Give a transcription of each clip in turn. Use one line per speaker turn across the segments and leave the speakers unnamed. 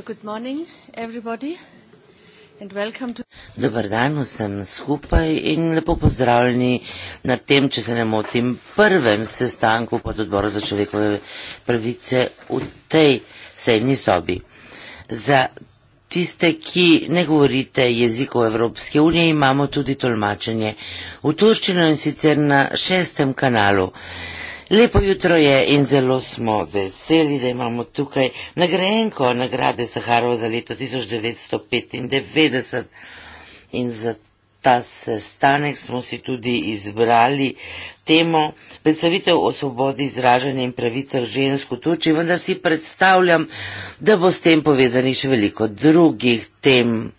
Good morning, everybody, and welcome to...
Dobar dan vsem skupaj in lepo pozdravljeni na tem, če se ne motim, prvem sestanku pod odbora za človekove pravice v tej sedni sobi. Za tiste, ki ne govorite jeziko Evropske unije, imamo tudi tolmačenje v Turščino in sicer na šestem kanalu. Lepo jutro je in zelo smo veseli, da imamo tukaj nagrajenko nagrade Saharova za leto 1995. In za ta sestanek smo si tudi izbrali temo predstavitev o svobodi izražanja in pravicah žensk v Turčiji, vendar si predstavljam, da bo s tem povezani še veliko drugih tem.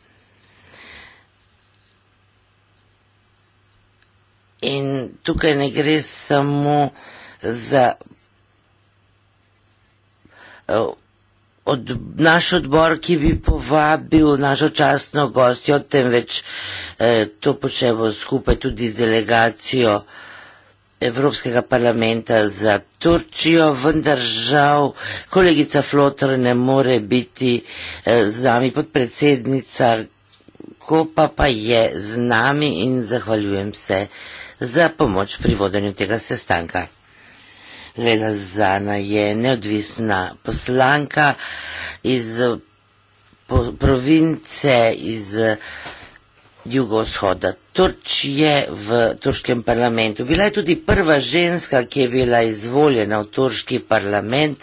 In tukaj ne gre samo z eh, od, naš odbor, ki bi povabil našo častno gostjo, temveč eh, to počnemo skupaj tudi z delegacijo Evropskega parlamenta za Turčijo, vendar žal kolegica Flotor ne more biti eh, z nami podpredsednica, ko pa pa je z nami in zahvaljujem se za pomoč pri vodenju tega sestanka. Lena Zana je neodvisna poslanka iz po, province iz jugovzhoda Turčije v turškem parlamentu. Bila je tudi prva ženska, ki je bila izvoljena v turški parlament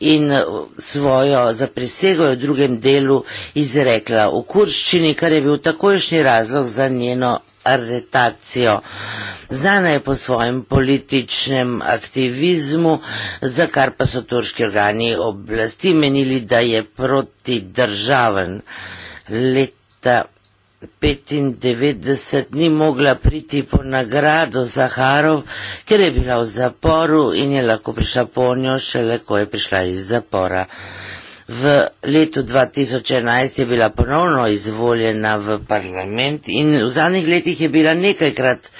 in svojo zaprisego je v drugem delu izrekla v kurščini, kar je bil takojšnji razlog za njeno aretacijo. Znana je po svojem političnem aktivizmu, za kar pa so turški organi oblasti menili, da je protidržaven. Leta 1995 ni mogla priti po nagrado Zaharov, ker je bila v zaporu in je lahko prišla po njo šele, ko je prišla iz zapora. V letu 2011 je bila ponovno izvoljena v parlament in v zadnjih letih je bila nekajkrat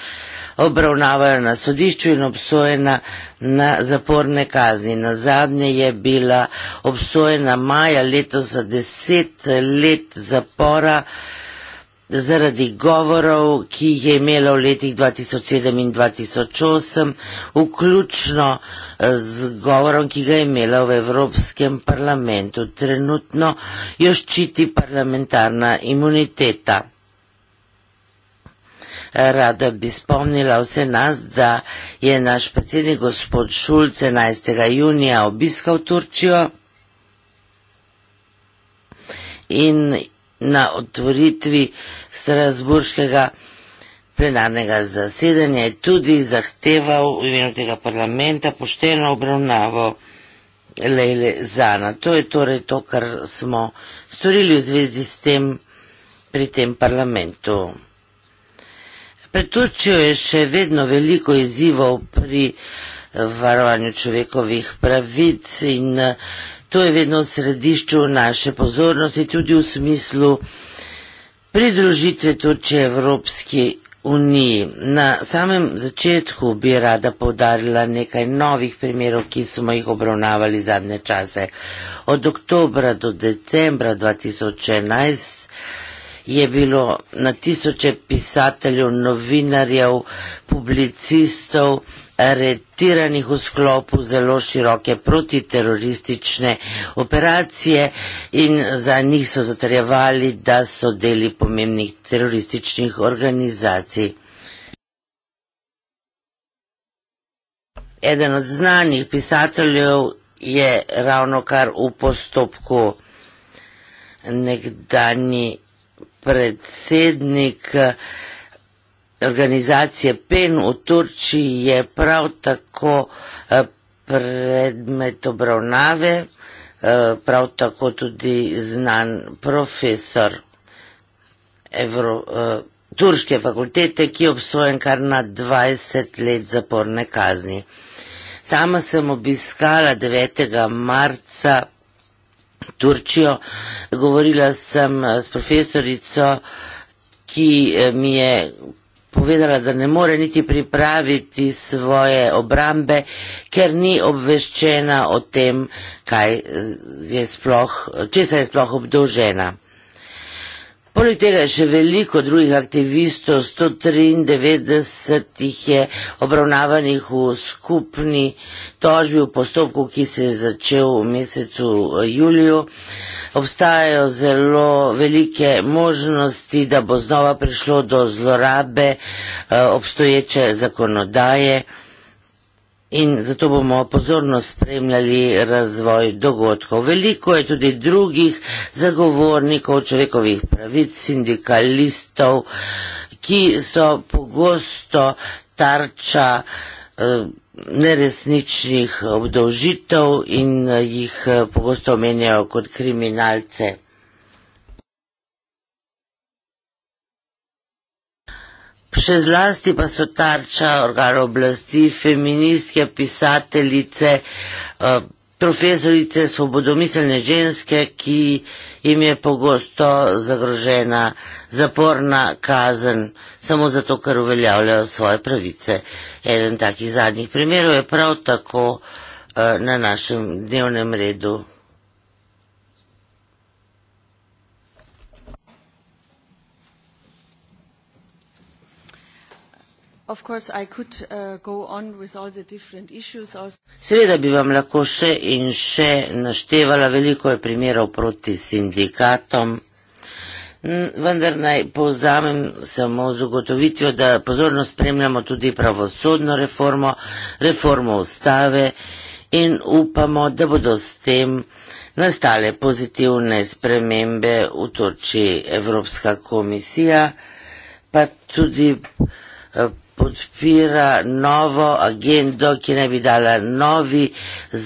obravnavana na sodišču in obsojena na zaporne kazni. Na zadnje je bila obsojena maja letos za deset let zapora zaradi govorov, ki jih je imela v letih 2007 in 2008, vključno eh, z govorom, ki ga je imela v Evropskem parlamentu. Trenutno jo ščiti parlamentarna imuniteta. Rada bi spomnila vse nas, da je naš predsednik gospod Šulc 11. junija obiskal Turčijo in na otvoritvi Strasburškega plenarnega zasedanja je tudi zahteval v imenu tega parlamenta pošteno obravnavo Lejle Zana. To je torej to, kar smo storili v zvezi s tem pri tem parlamentu. Pred Turčijo je še vedno veliko izzivov pri varovanju človekovih pravic in To je vedno v središču naše pozornosti, tudi v smislu pridružitve Turčije Evropski uniji. Na samem začetku bi rada povdarila nekaj novih primerov, ki smo jih obravnavali zadnje čase. Od oktobra do decembra 2011 je bilo na tisoče pisateljev, novinarjev, publicistov, retorikov, aretiranih v sklopu zelo široke protiteroristične operacije in za njih so zatrjevali, da so deli pomembnih terorističnih organizacij. Eden od znanih pisateljev je ravno kar v postopku nekdani predsednik organizacije PEN v Turčiji je prav tako eh, predmet obravnave, eh, prav tako tudi znan profesor Evro, eh, Turške fakultete, ki je obsojen kar na 20 let zaporne kazni. Sama sem obiskala 9. marca Turčijo, govorila sem s profesorico, ki mi je povedala, da ne more niti pripraviti svoje obrambe, ker ni obveščena o tem, kaj je sploh, česa je sploh obdolžena. Poleg tega je še veliko drugih aktivistov, 193 jih je obravnavanih v skupni tožbi v postopku, ki se je začel v mesecu eh, juliju. Obstajajo zelo velike možnosti, da bo znova prišlo do zlorabe eh, obstoječe zakonodaje in zato bomo pozorno spremljali razvoj dogodkov. Veliko je tudi drugih zagovornikov človekovih pravic, sindikalistov, ki so pogosto tarča eh, neresničnih obdolžitev in eh, jih eh, pogosto omenjajo kot kriminalce. Še zlasti pa so tarča organa oblasti, feministke, pisateljice, eh, profesorice, svobodomiselne ženske, ki jim je pogosto zagrožena zaporna kazen, samo zato, ker uveljavljajo svoje pravice. Eden takih zadnjih primerov je prav tako eh, na našem dnevnem redu. Uh, Seveda bi vam lahko še in še naštevala veliko je primerov proti sindikatom, vendar naj povzamem samo z ugotovitvijo, da pozorno spremljamo tudi pravosodno reformo, reformo ustave in upamo, da bodo s tem nastale pozitivne spremembe v Turčiji Evropska komisija, pa tudi eh, podpira novo agendo, ki naj bi dala novi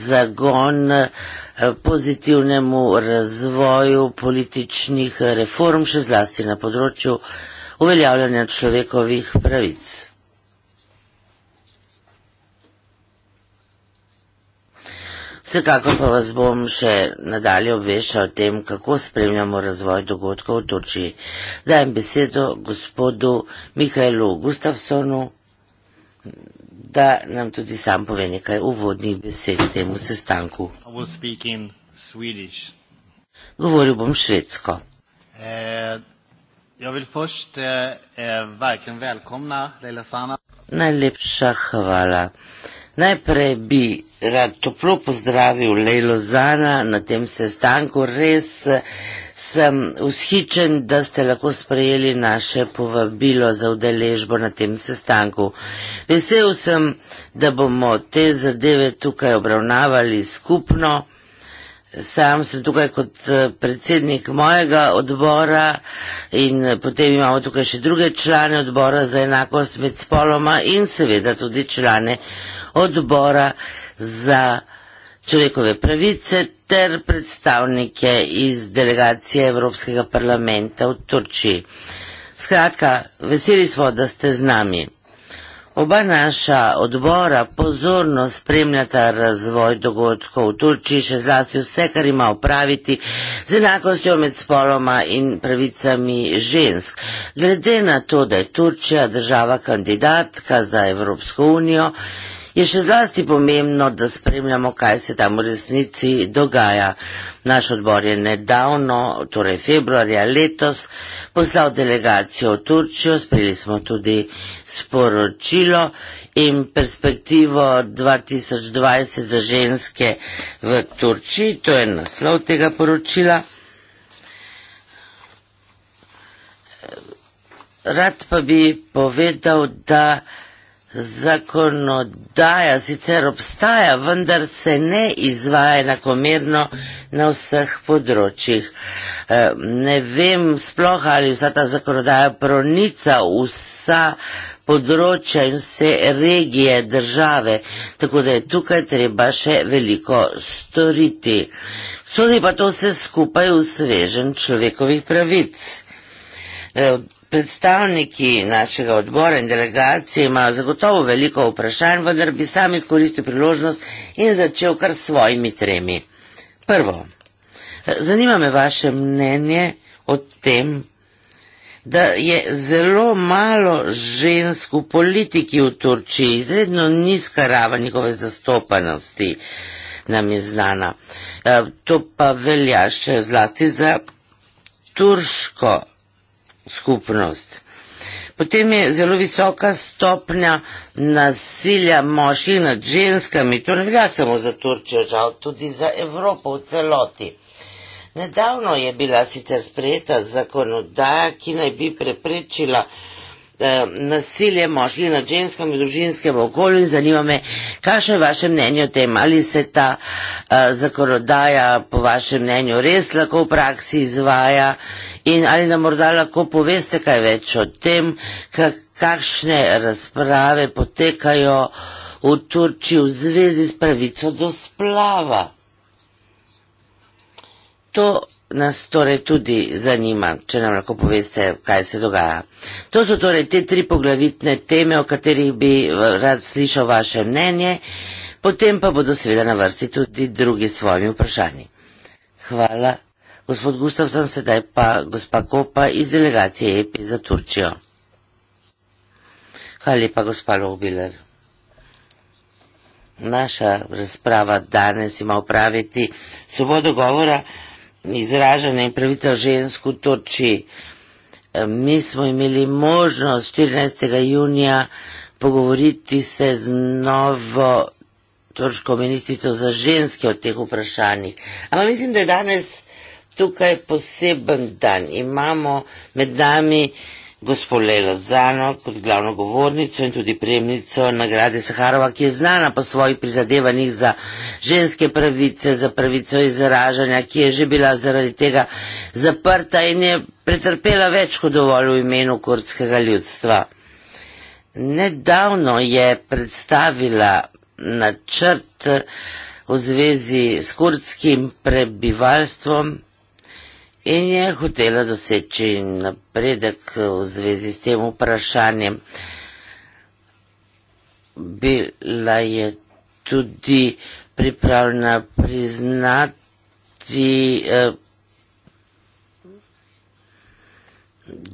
zagon eh, pozitivnemu razvoju političnih reform, še zlasti na področju uveljavljanja človekovih pravic. Vsekakor pa vas bom še nadalje obveščal o tem, kako spremljamo razvoj dogodkov v Turčiji. Dajem besedo gospodu Mihajlu Gustavsonu, da nam tudi sam pove nekaj uvodnih besed temu sestanku. Govoril bom švedsko. Eh, jeg vil først eh, eh virkelig velkomne Leila Sana. Najlepša hvala. Eh, Najprej bi rad toplo pozdravil Lejlo Zana na tem sestanku. Res eh, sem ushičen, da ste lahko sprejeli naše povabilo za udeležbo na tem sestanku. Vesel sem, da bomo te zadeve tukaj obravnavali skupno. Sam sem tukaj kot eh, predsednik mojega odbora in eh, potem imamo tukaj še druge člane odbora za enakost med spoloma in seveda tudi člane odbora za človekove pravice ter predstavnike iz delegacije Evropskega parlamenta v Turčiji. Skratka, veseli smo, da ste z nami. Oba naša odbora pozorno spremljata razvoj dogodkov v Turčiji, še zlasti vse, kar ima opraviti z enakostjo med spoloma in pravicami žensk. Glede na to, da je Turčija država kandidatka za Evropsko unijo je še zlasti pomembno, da spremljamo, kaj se tam v resnici dogaja. Naš odbor je nedavno, torej februarja letos, poslal delegacijo v Turčijo, sprejeli smo tudi sporočilo in perspektivo 2020 za ženske v Turčiji, to je naslov tega poročila. Rad pa bi povedal, da zakonodaja sicer obstaja, vendar se ne izvaja enakomerno na vseh področjih. Eh, ne vem sploh, ali vsa ta zakonodaja pronica vsa področja in vse regije države, tako da je tukaj treba še veliko storiti. Sodi pa to vse skupaj v svežen človekovih pravic. Eh, Predstavniki našega odbora in delegacije imajo zagotovo veliko vprašanj, vendar bi sam izkoristil priložnost in začel kar s svojimi tremi. Prvo, zanima me vaše mnenje o tem, da je zelo malo žensk v politiki v Turčiji, izredno nizka raven njihove zastopanosti nam je znana. E, to pa velja še zlasti za turško skupnost. Potem je zelo visoka stopnja nasilja moških nad ženskami, to ne velja samo za Turčijo, žal tudi za Evropo v celoti. Nedavno je bila sicer sprejeta zakonodaja, ki naj bi preprečila Eh, nasilje moških nad ženskami v družinskem okolju in zanima me, kakšno je vaše mnenje o tem, ali se ta uh, zakonodaja po vašem mnenju res lahko v praksi izvaja in ali nam morda lahko poveste kaj več o tem, kak, kakšne razprave potekajo v Turčiji v zvezi s pravico do splava. To nas torej tudi zanima, če nam lahko poveste, kaj se dogaja. To so torej te tri poglavitne teme, o katerih bi rad slišal vaše mnenje, potem pa bodo seveda na vrsti tudi drugi svojimi vprašanji. Hvala, gospod Gustavson, sedaj pa gospa Kopa iz delegacije EPI za Turčijo. Hvala lepa, gospa Lobiler. Naša razprava danes ima upraviti svobodo govora, izražanje in pravica žensk v Turčiji. E, mi smo imeli možnost 14. junija pogovoriti se z novo turško ministrico za ženske o teh vprašanjih. Ampak mislim, da je danes tukaj poseben dan. Imamo med nami gospod Lejlo Zano kot glavno govornico in tudi prejemnico nagrade Saharova, ki je znana po svojih prizadevanjih za ženske pravice, za pravico izražanja, ki je že bila zaradi tega zaprta in je pretrpela več kot dovolj v imenu kurdskega ljudstva. Nedavno je predstavila načrt v zvezi s kurdskim prebivalstvom, In je hotela doseči napredek v zvezi s tem vprašanjem. Bila je tudi pripravljena priznati eh,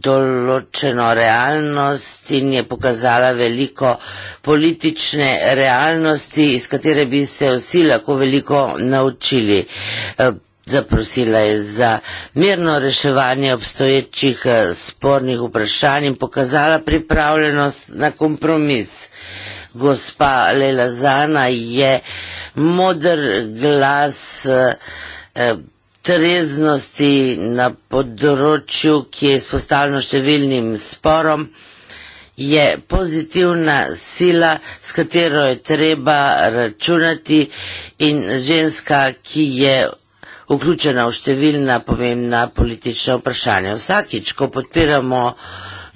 določeno realnost in je pokazala veliko politične realnosti, iz katere bi se vsi lahko veliko naučili. Eh, Zaprosila je za mirno reševanje obstoječih eh, spornih vprašanj in pokazala pripravljenost na kompromis. Gospa Lela Zana je modr glas eh, eh, treznosti na področju, ki je izpostavljeno številnim sporom, je pozitivna sila, s katero je treba računati in ženska, ki je vključena v številna pomembna politična vprašanja. Vsakič, ko podpiramo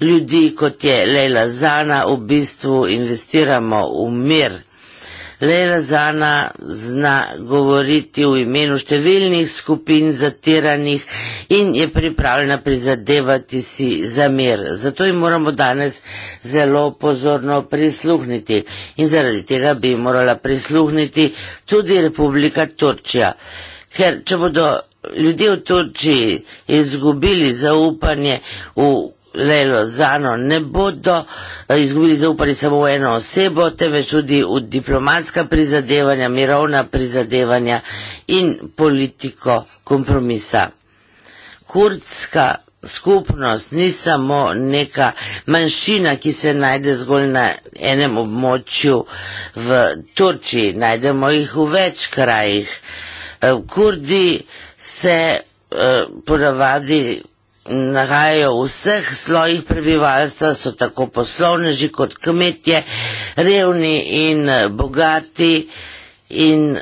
ljudi, kot je Leila Zana, v bistvu investiramo v mir. Leila Zana zna govoriti v imenu številnih skupin zatiranih in je pripravljena prizadevati si za mir. Zato jim moramo danes zelo pozorno prisluhniti in zaradi tega bi morala prisluhniti tudi Republika Turčija ker če bodo ljudje v Turčiji izgubili zaupanje v Lelo Zano, ne bodo eh, izgubili zaupanje samo v eno osebo, temveč tudi v diplomatska prizadevanja, mirovna prizadevanja in politiko kompromisa. Kurdska skupnost ni samo neka manjšina, ki se najde zgolj na enem območju v Turčiji, najdemo jih v več krajih. Eh, kurdi se eh, ponavadi nahajajo v vseh slojih prebivalstva, so tako poslovneži kot kmetje, revni in eh, bogati in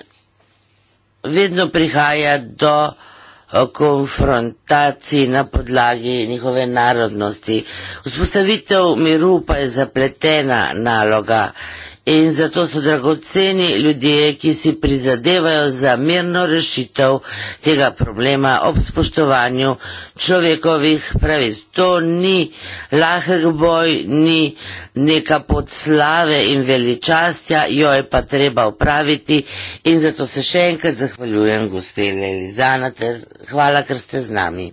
vedno prihaja do konfrontacij na podlagi njihove narodnosti. Vzpostavitev miru pa je zapletena naloga in zato so dragoceni ljudje, ki si prizadevajo za mirno rešitev tega problema ob spoštovanju človekovih pravic. To ni lahek boj, ni neka podslave in veličastja, jo je pa treba upraviti in zato se še enkrat zahvaljujem gospe Lelizana ter hvala, ker ste z nami.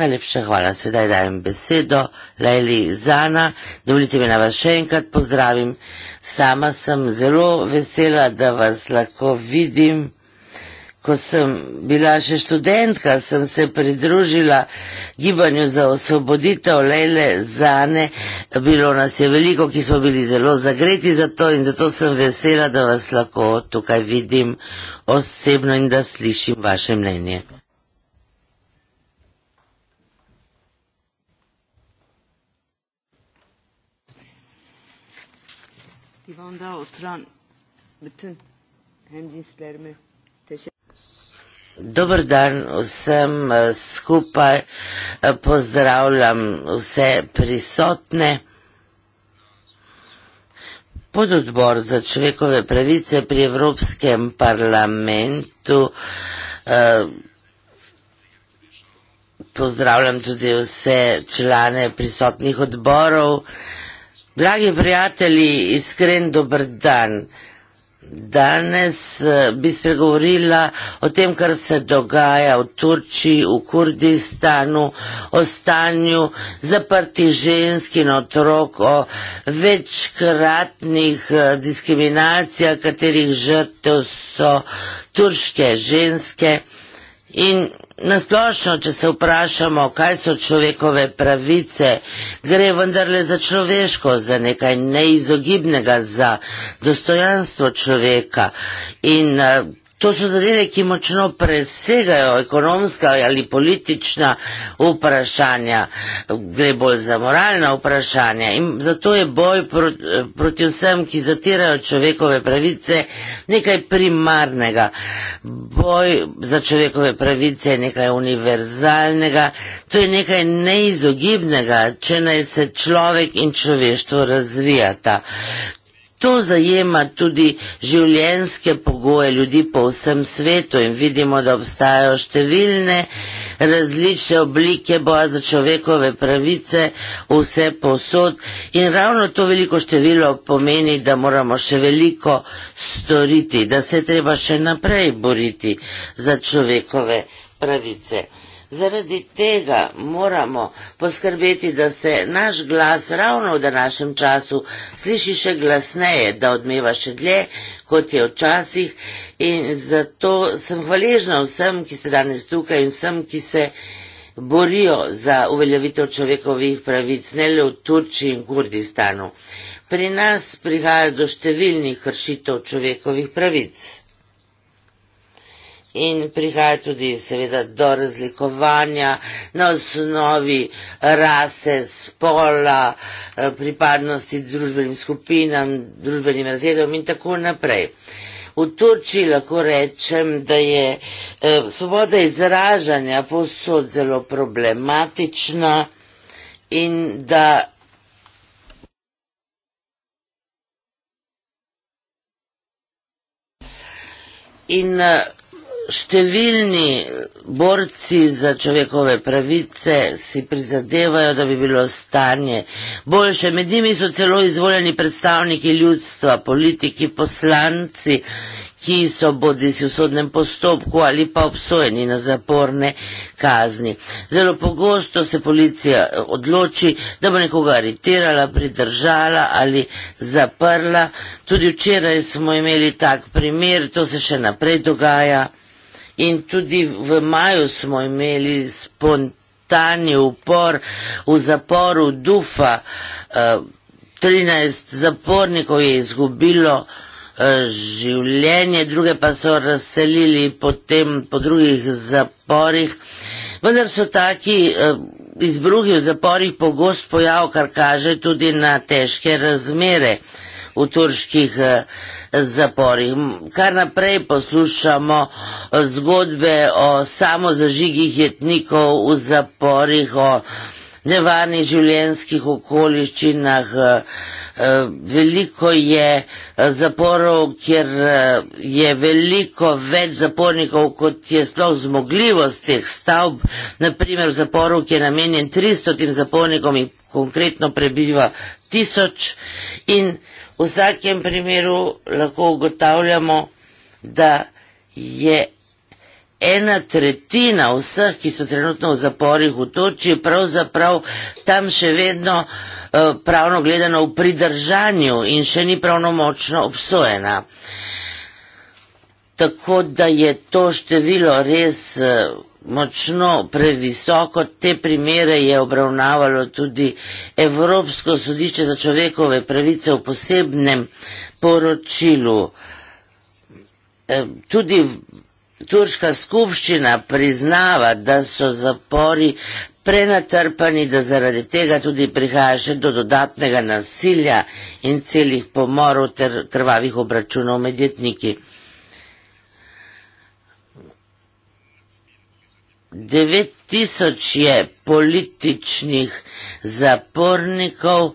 Najlepša hvala. Sedaj dajem besedo Leili Zana. Dovolite mi, da vas še enkrat pozdravim. Sama sem zelo vesela, da vas lahko vidim. Ko sem bila še študentka, sem se pridružila gibanju za osvoboditev Leile Zane. Bilo nas je veliko, ki smo bili zelo zagreti za to in zato sem vesela, da vas lahko tukaj vidim osebno in da slišim vaše mnenje. ayağa oturan bütün hemcinslerime Dober dan vsem eh, skupaj, eh, pozdravljam vse prisotne. Pododbor za človekove pravice pri Evropskem parlamentu. Eh, pozdravljam tudi vse člane prisotnih odborov. Dragi prijatelji, iskren dober dan. Danes eh, bi spregovorila o tem, kar se dogaja v Turčiji, v Kurdistanu, o stanju zaprtih žensk in otrok, o večkratnih eh, diskriminacijah, katerih žrtev so turške ženske in Nasplošno, če se vprašamo, kaj so človekove pravice, gre vendarle za človeško, za nekaj neizogibnega, za dostojanstvo človeka. In eh, To so zadeve, ki močno presegajo ekonomska ali politična vprašanja, gre bolj za moralna vprašanja in zato je boj pro, proti vsem, ki zatirajo človekove pravice, nekaj primarnega. Boj za človekove pravice je nekaj univerzalnega, to je nekaj neizogibnega, če naj se človek in človeštvo razvijata. To zajema tudi življenjske pogoje ljudi po vsem svetu in vidimo, da obstajajo številne različne oblike boja za človekove pravice vse posod in ravno to veliko število pomeni, da moramo še veliko storiti, da se treba še naprej boriti za človekove pravice. Zaradi tega moramo poskrbeti, da se naš glas ravno v današnjem času sliši še glasneje, da odmeva še dlje, kot je včasih. In zato sem hvaležna vsem, ki ste danes tukaj in vsem, ki se borijo za uveljavitev človekovih pravic, ne le v Turčiji in Kurdistanu. Pri nas prihaja do številnih kršitev človekovih pravic in prihaja tudi seveda do razlikovanja na osnovi rase, spola, eh, pripadnosti družbenim skupinam, družbenim razredom in tako naprej. V Turčiji lahko rečem, da je eh, svoboda izražanja posod zelo problematična in da in eh, številni borci za človekove pravice si prizadevajo, da bi bilo stanje boljše. Med njimi so celo izvoljeni predstavniki ljudstva, politiki, poslanci, ki so bodi si v sodnem postopku ali pa obsojeni na zaporne kazni. Zelo pogosto se policija odloči, da bo nekoga aretirala, pridržala ali zaprla. Tudi včeraj smo imeli tak primer, to se še naprej dogaja in tudi v maju smo imeli spontani upor v zaporu Dufa. 13 eh, zapornikov je izgubilo eh, življenje, druge pa so razselili potem po drugih zaporih. Vendar so taki eh, izbruhi v zaporih pogost pojav, kar kaže tudi na težke razmere v turških eh, zaporih. Kar naprej poslušamo eh, zgodbe o samozažigih jetnikov v zaporih, o nevarnih življenjskih okoliščinah. Eh, veliko je zaporov, kjer je veliko več zapornikov, kot je sploh zmogljivost teh stavb. Naprimer v zaporu, ki je namenjen 300 tim zapornikom in konkretno prebiva 1000 in 1000. V vsakem primeru lahko ugotavljamo, da je ena tretjina vseh, ki so trenutno v zaporih v Turčiji, pravzaprav tam še vedno eh, pravno gledano v pridržanju in še ni pravno močno obsojena. Tako da je to število res eh, močno previsoko. Te primere je obravnavalo tudi Evropsko sodišče za človekove pravice v posebnem poročilu. E, tudi turška skupščina priznava, da so zapori prenatrpani, da zaradi tega tudi prihaja še do dodatnega nasilja in celih pomorov ter krvavih obračunov med jetniki. devet tisoč je političnih zapornikov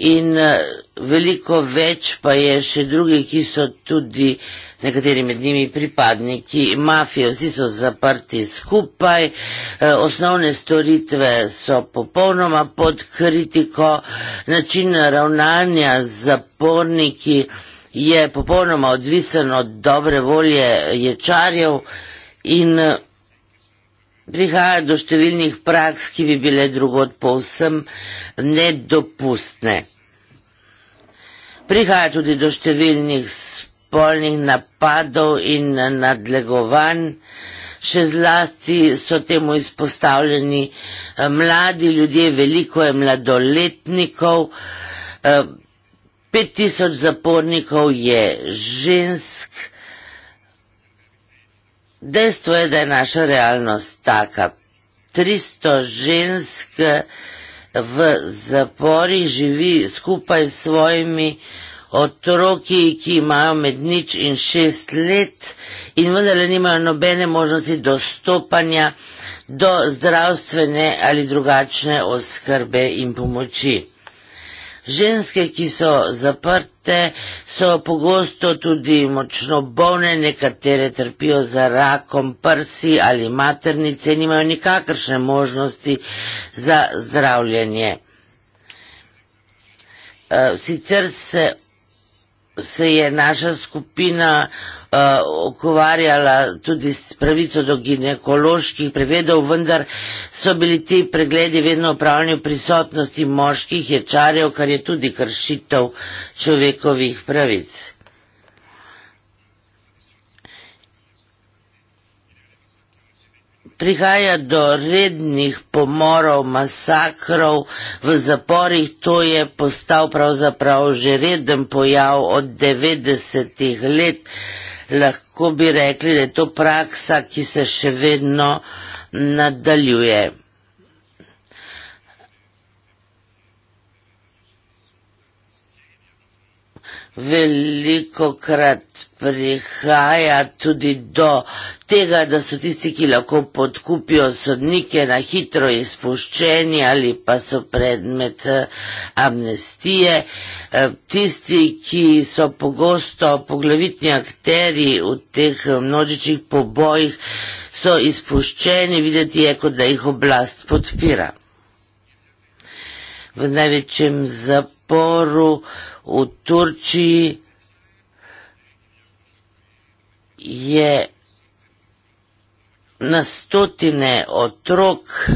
in eh, veliko več pa je še drugi, ki so tudi nekateri med njimi pripadniki mafije, vsi so zaprti skupaj, eh, osnovne storitve so popolnoma pod kritiko, način ravnanja z zaporniki je popolnoma odvisen od dobre volje ječarjev in vsega. Eh, prihaja do številnih praks, ki bi bile drugod povsem nedopustne. Prihaja tudi do številnih spolnih napadov in nadlegovanj, še zlasti so temu izpostavljeni eh, mladi ljudje, veliko je mladoletnikov, eh, pet tisoč zapornikov je žensk, Dejstvo je, da je naša realnost taka. 300 žensk v zaporih živi skupaj s svojimi otroki, ki imajo med nič in šest let in vendarle nimajo nobene možnosti dostopanja do zdravstvene ali drugačne oskrbe in pomoči. Ženske, ki so zaprte, so pogosto tudi močno bolne, nekatere trpijo za rakom prsi ali maternice in imajo nikakršne možnosti za zdravljenje. E, sicer se se je naša skupina uh, eh, okovarjala tudi s pravico do ginekoloških pregledov, vendar so bili ti pregledi vedno upravljeni v prisotnosti moških ječarjev, kar je tudi kršitev človekovih pravic. prihaja do rednih pomorov, masakrov v zaporih, to je postal pravzaprav že reden pojav od 90-ih let. Lahko bi rekli, da je to praksa, ki se še vedno nadaljuje. veliko krat prihaja tudi do tega, da so tisti, ki lahko podkupijo sodnike na hitro izpuščeni ali pa so predmet eh, amnestije. Eh, tisti, ki so pogosto poglavitni akteri v teh eh, množičnih pobojih, so izpuščeni, videti je, kot da jih oblast podpira. V največjem zapravljanju zaporu u Turčiji je na stotine otrok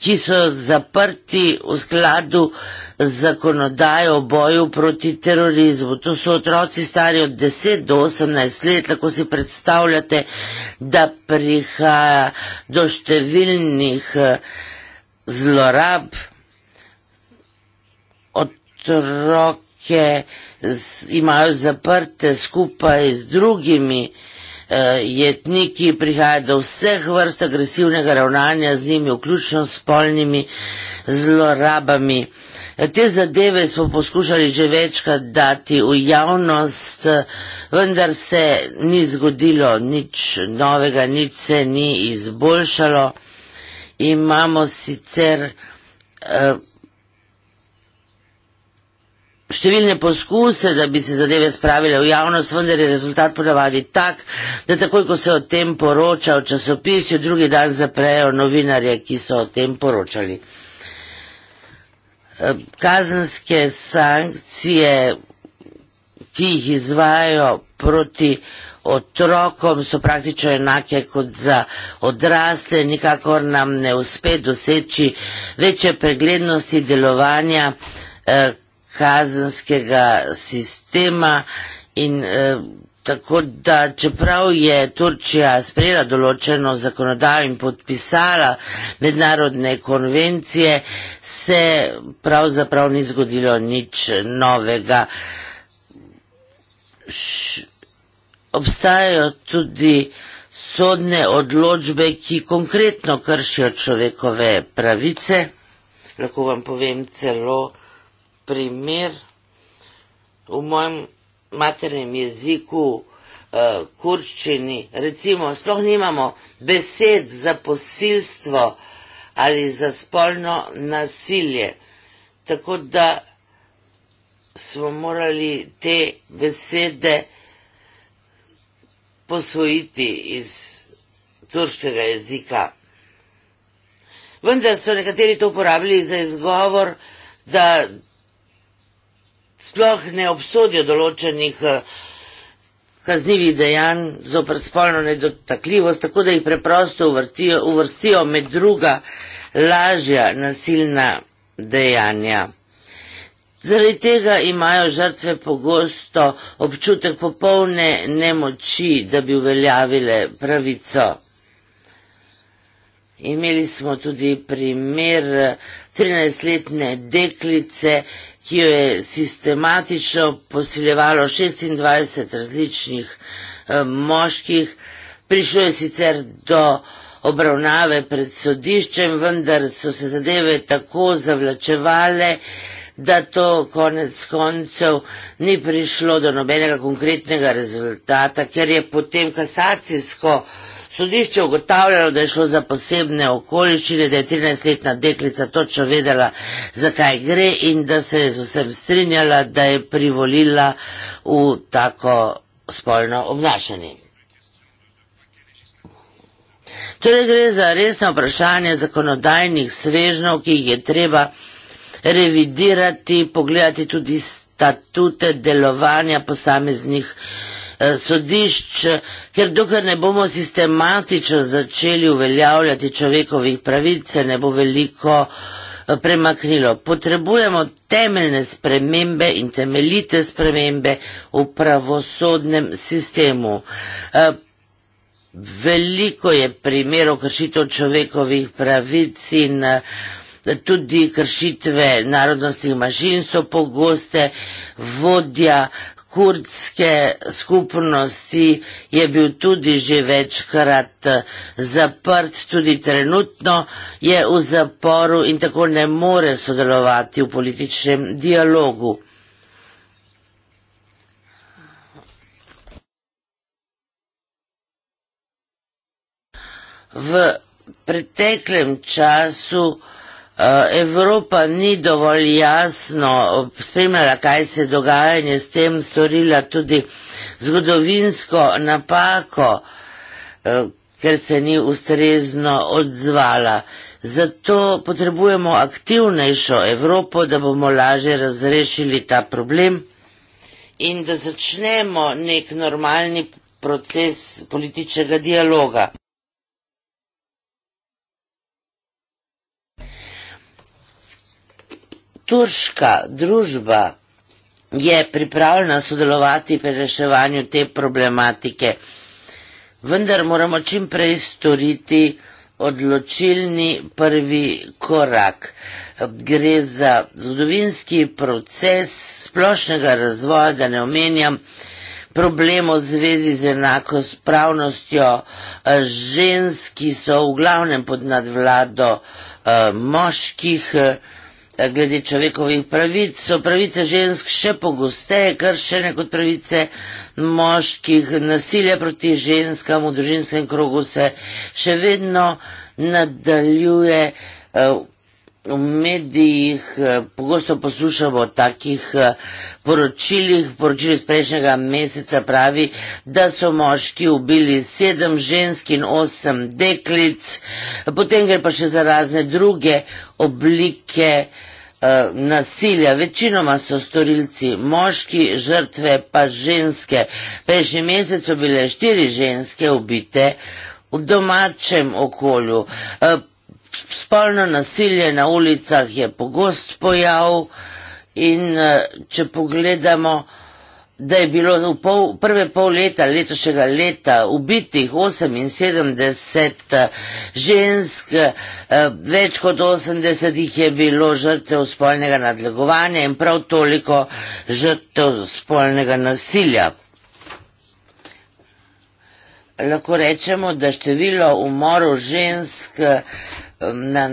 ki so zaprti v skladu z zakonodajo o boju proti terorizmu. To so otroci stari od 10 do 18 let, lahko si predstavljate, da prihaja do številnih eh, zlorab otroke imajo zaprte skupaj z drugimi eh, jetniki, prihaja do vseh vrst agresivnega ravnanja z njimi, vključno s spolnimi zlorabami. Eh, te zadeve smo poskušali že večkrat dati v javnost, eh, vendar se ni zgodilo nič novega, nič se ni izboljšalo. Imamo sicer eh, številne poskuse, da bi se zadeve spravile v javnost, vendar je rezultat ponavadi tak, da takoj, ko se o tem poroča v časopisju, drugi dan zaprejo novinarje, ki so o tem poročali. Eh, Kazanske sankcije, ki jih izvajo proti otrokom, so praktično enake kot za odrasle, nikakor nam ne uspe doseči večje preglednosti delovanja. Eh, kazenskega sistema in eh, Tako da, čeprav je Turčija sprejela določeno zakonodajo in podpisala mednarodne konvencije, se pravzaprav ni zgodilo nič novega. Š... Obstajajo tudi sodne odločbe, ki konkretno kršijo človekove pravice. Lahko vam povem celo primer v mojem maternem jeziku eh, kurčini, recimo, sploh nimamo besed za posilstvo ali za spolno nasilje. Tako da smo morali te besede posvojiti iz turškega jezika. Vendar so nekateri to uporabili za izgovor, da sploh ne obsodijo določenih eh, kaznjivih dejanj zoper spolno nedotakljivost, tako da jih preprosto uvrtijo, uvrstijo med druga lažja nasilna dejanja. Zaradi tega imajo žrtve pogosto občutek popolne nemoči, da bi uveljavile pravico. Imeli smo tudi primer 13-letne deklice, ki jo je sistematično posiljevalo 26 različnih eh, moških. Prišlo je sicer do obravnave pred sodiščem, vendar so se zadeve tako zavlačevale, da to konec koncev ni prišlo do nobenega konkretnega rezultata, ker je potem kasacijsko uh, Sodišče ugotavljalo, da je šlo za posebne okoliščine, da je 13-letna deklica točno vedela, zakaj gre in da se je z vsem strinjala, da je privolila v tako spolno obnašanje. Torej gre za resno vprašanje zakonodajnih svežnov, ki jih je treba revidirati, pogledati tudi statute delovanja posameznih. Eh, sodišč, ker dokler ne bomo sistematično začeli uveljavljati človekovih pravice, ne bo veliko eh, premaknilo. Potrebujemo temeljne spremembe in temeljite spremembe v pravosodnem sistemu. Eh, veliko je primerov kršitev človekovih pravic in tudi kršitve narodnostnih manjšin so pogoste, vodja kurdske skupnosti je bil tudi že večkrat eh, zaprt, tudi trenutno je v zaporu in tako ne more sodelovati v političnem dialogu. V preteklem času Eh, Evropa ni dovolj jasno spremljala, kaj se dogaja in je s tem storila tudi zgodovinsko napako, eh, ker se ni ustrezno odzvala. Zato potrebujemo aktivnejšo Evropo, da bomo lažje razrešili ta problem in da začnemo nek normalni proces političnega dialoga. turška družba je pripravljena sodelovati pri reševanju te problematike, vendar moramo čim prej storiti odločilni prvi korak. Gre za zgodovinski proces splošnega razvoja, da ne omenjam problemo v zvezi z enakospravnostjo eh, žensk, ki so v glavnem pod nadvlado eh, moških, eh, Eh, glede človekovih pravic so pravice žensk še pogosteje kršene kot pravice moških. Nasilje proti ženskam v družinskem krogu se še vedno nadaljuje. Eh, v medijih eh, pogosto poslušamo o takih poročilih. Poročilo iz prejšnjega meseca pravi, da so moški ubili sedem žensk in osem deklic, potem gre pa še za razne druge oblike. Eh, nasilja. Večinoma so storilci moški, žrtve pa ženske. Prejšnji mesec so bile štiri ženske ubite v domačem okolju. Eh, spolno nasilje na ulicah je pogost pojav in eh, če pogledamo, da je bilo v pol, prve pol leta letošnjega leta ubitih 78 eh, žensk, eh, več kot 80 jih je bilo žrtev spolnega nadlegovanja in prav toliko žrtev spolnega nasilja. Lahko rečemo, da število umorov žensk eh, na,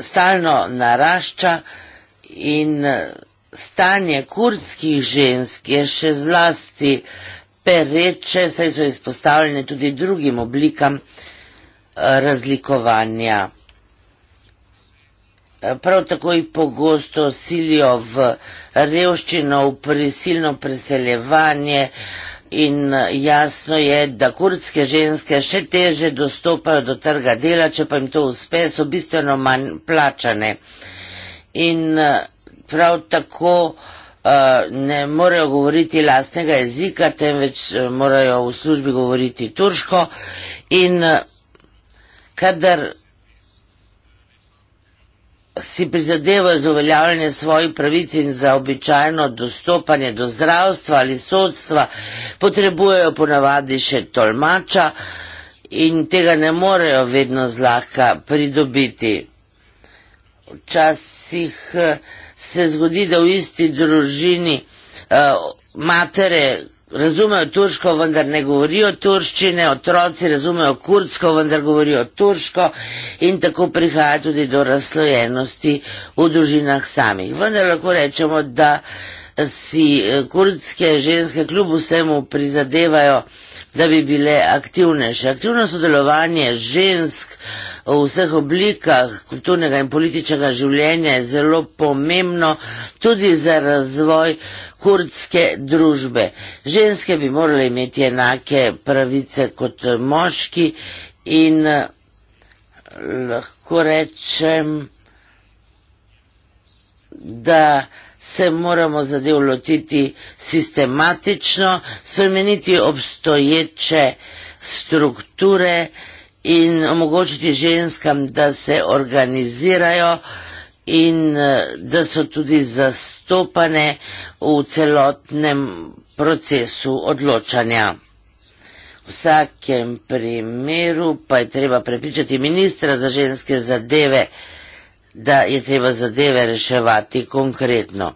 stalno narašča in stanje kurdskih žensk je še zlasti pereče, saj so izpostavljene tudi drugim oblikam eh, razlikovanja. Eh, prav tako jih pogosto silijo v revščino, v prisilno preseljevanje in eh, jasno je, da kurdske ženske še teže dostopajo do trga dela, če pa jim to uspe, so bistveno manj plačane. In prav tako uh, ne morejo govoriti lastnega jezika, temveč eh, morajo v službi govoriti turško. In uh, kadar si prizadevajo za uveljavljanje svojih pravic in za običajno dostopanje do zdravstva ali sodstva, potrebujejo ponavadi še tolmača in tega ne morejo vedno zlahka pridobiti. Včasih uh, se zgodi, da v isti družini uh, matere razumejo turško, vendar ne govorijo turščine, otroci razumejo kurdsko, vendar govorijo turško in tako prihaja tudi do razslojenosti v družinah samih. Vendar lahko rečemo, da si eh, kurdske ženske kljub vsemu prizadevajo uh, da bi bile aktivnejše. Aktivno sodelovanje žensk v vseh oblikah kulturnega in političnega življenja je zelo pomembno tudi za razvoj kurdske družbe. Ženske bi morale imeti enake pravice kot moški in eh, lahko rečem, da se moramo zadev lotiti sistematično, spremeniti obstoječe strukture in omogočiti ženskam, da se organizirajo in eh, da so tudi zastopane v celotnem procesu odločanja. V vsakem primeru pa je treba prepričati ministra za ženske zadeve, da je treba zadeve reševati konkretno.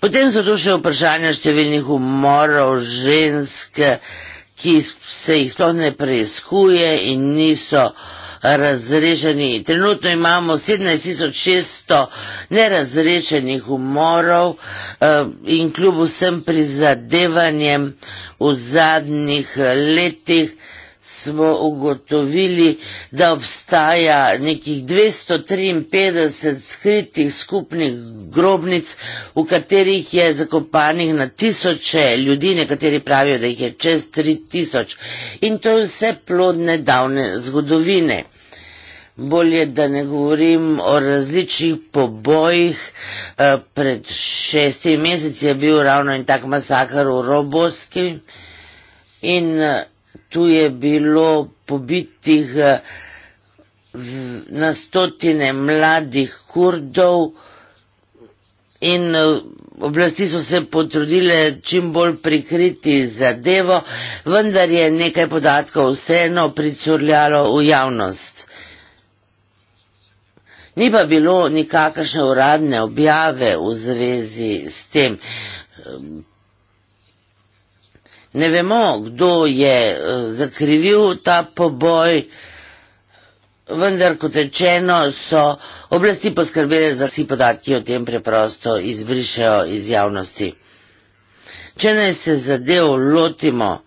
Potem so tu še vprašanja številnih umorov žensk, ki se jih sploh ne preizkuje in niso razrešeni. Trenutno imamo 17600 nerazrešenih umorov eh, in kljub vsem prizadevanjem v zadnjih letih smo ugotovili, da obstaja nekih 253 skritih skupnih grobnic, v katerih je zakopanih na tisoče ljudi, nekateri pravijo, da jih je čez 3000. In to je vse plodne davne zgodovine. Bolje, da ne govorim o različnih pobojih. Eh, pred šestimi meseci je bil ravno in tak masakr v Roboski. In eh, tu je bilo pobitih eh, na stotine mladih kurdov in eh, oblasti so se potrudile čim bolj prikriti zadevo, vendar je nekaj podatkov vseeno pricurljalo v javnost. Ni pa bilo nikakršne uradne objave v zvezi s tem ne vemo, kdo je eh, zakrivil ta poboj, vendar kot rečeno so oblasti poskrbele, da vsi podatki o tem preprosto izbrišajo iz javnosti. Če naj se zadev lotimo,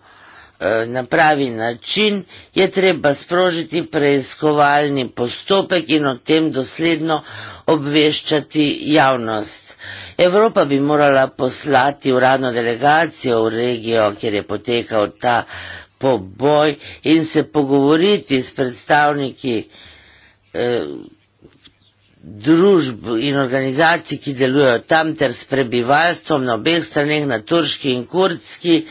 Eh, na pravi način, je treba sprožiti preiskovalni postopek in o tem dosledno obveščati javnost. Evropa bi morala poslati uradno delegacijo v regijo, kjer je potekal ta poboj in se pogovoriti s predstavniki eh, družb in organizacij, ki delujejo tam ter s prebivalstvom na obeh straneh, na turški in kurdski,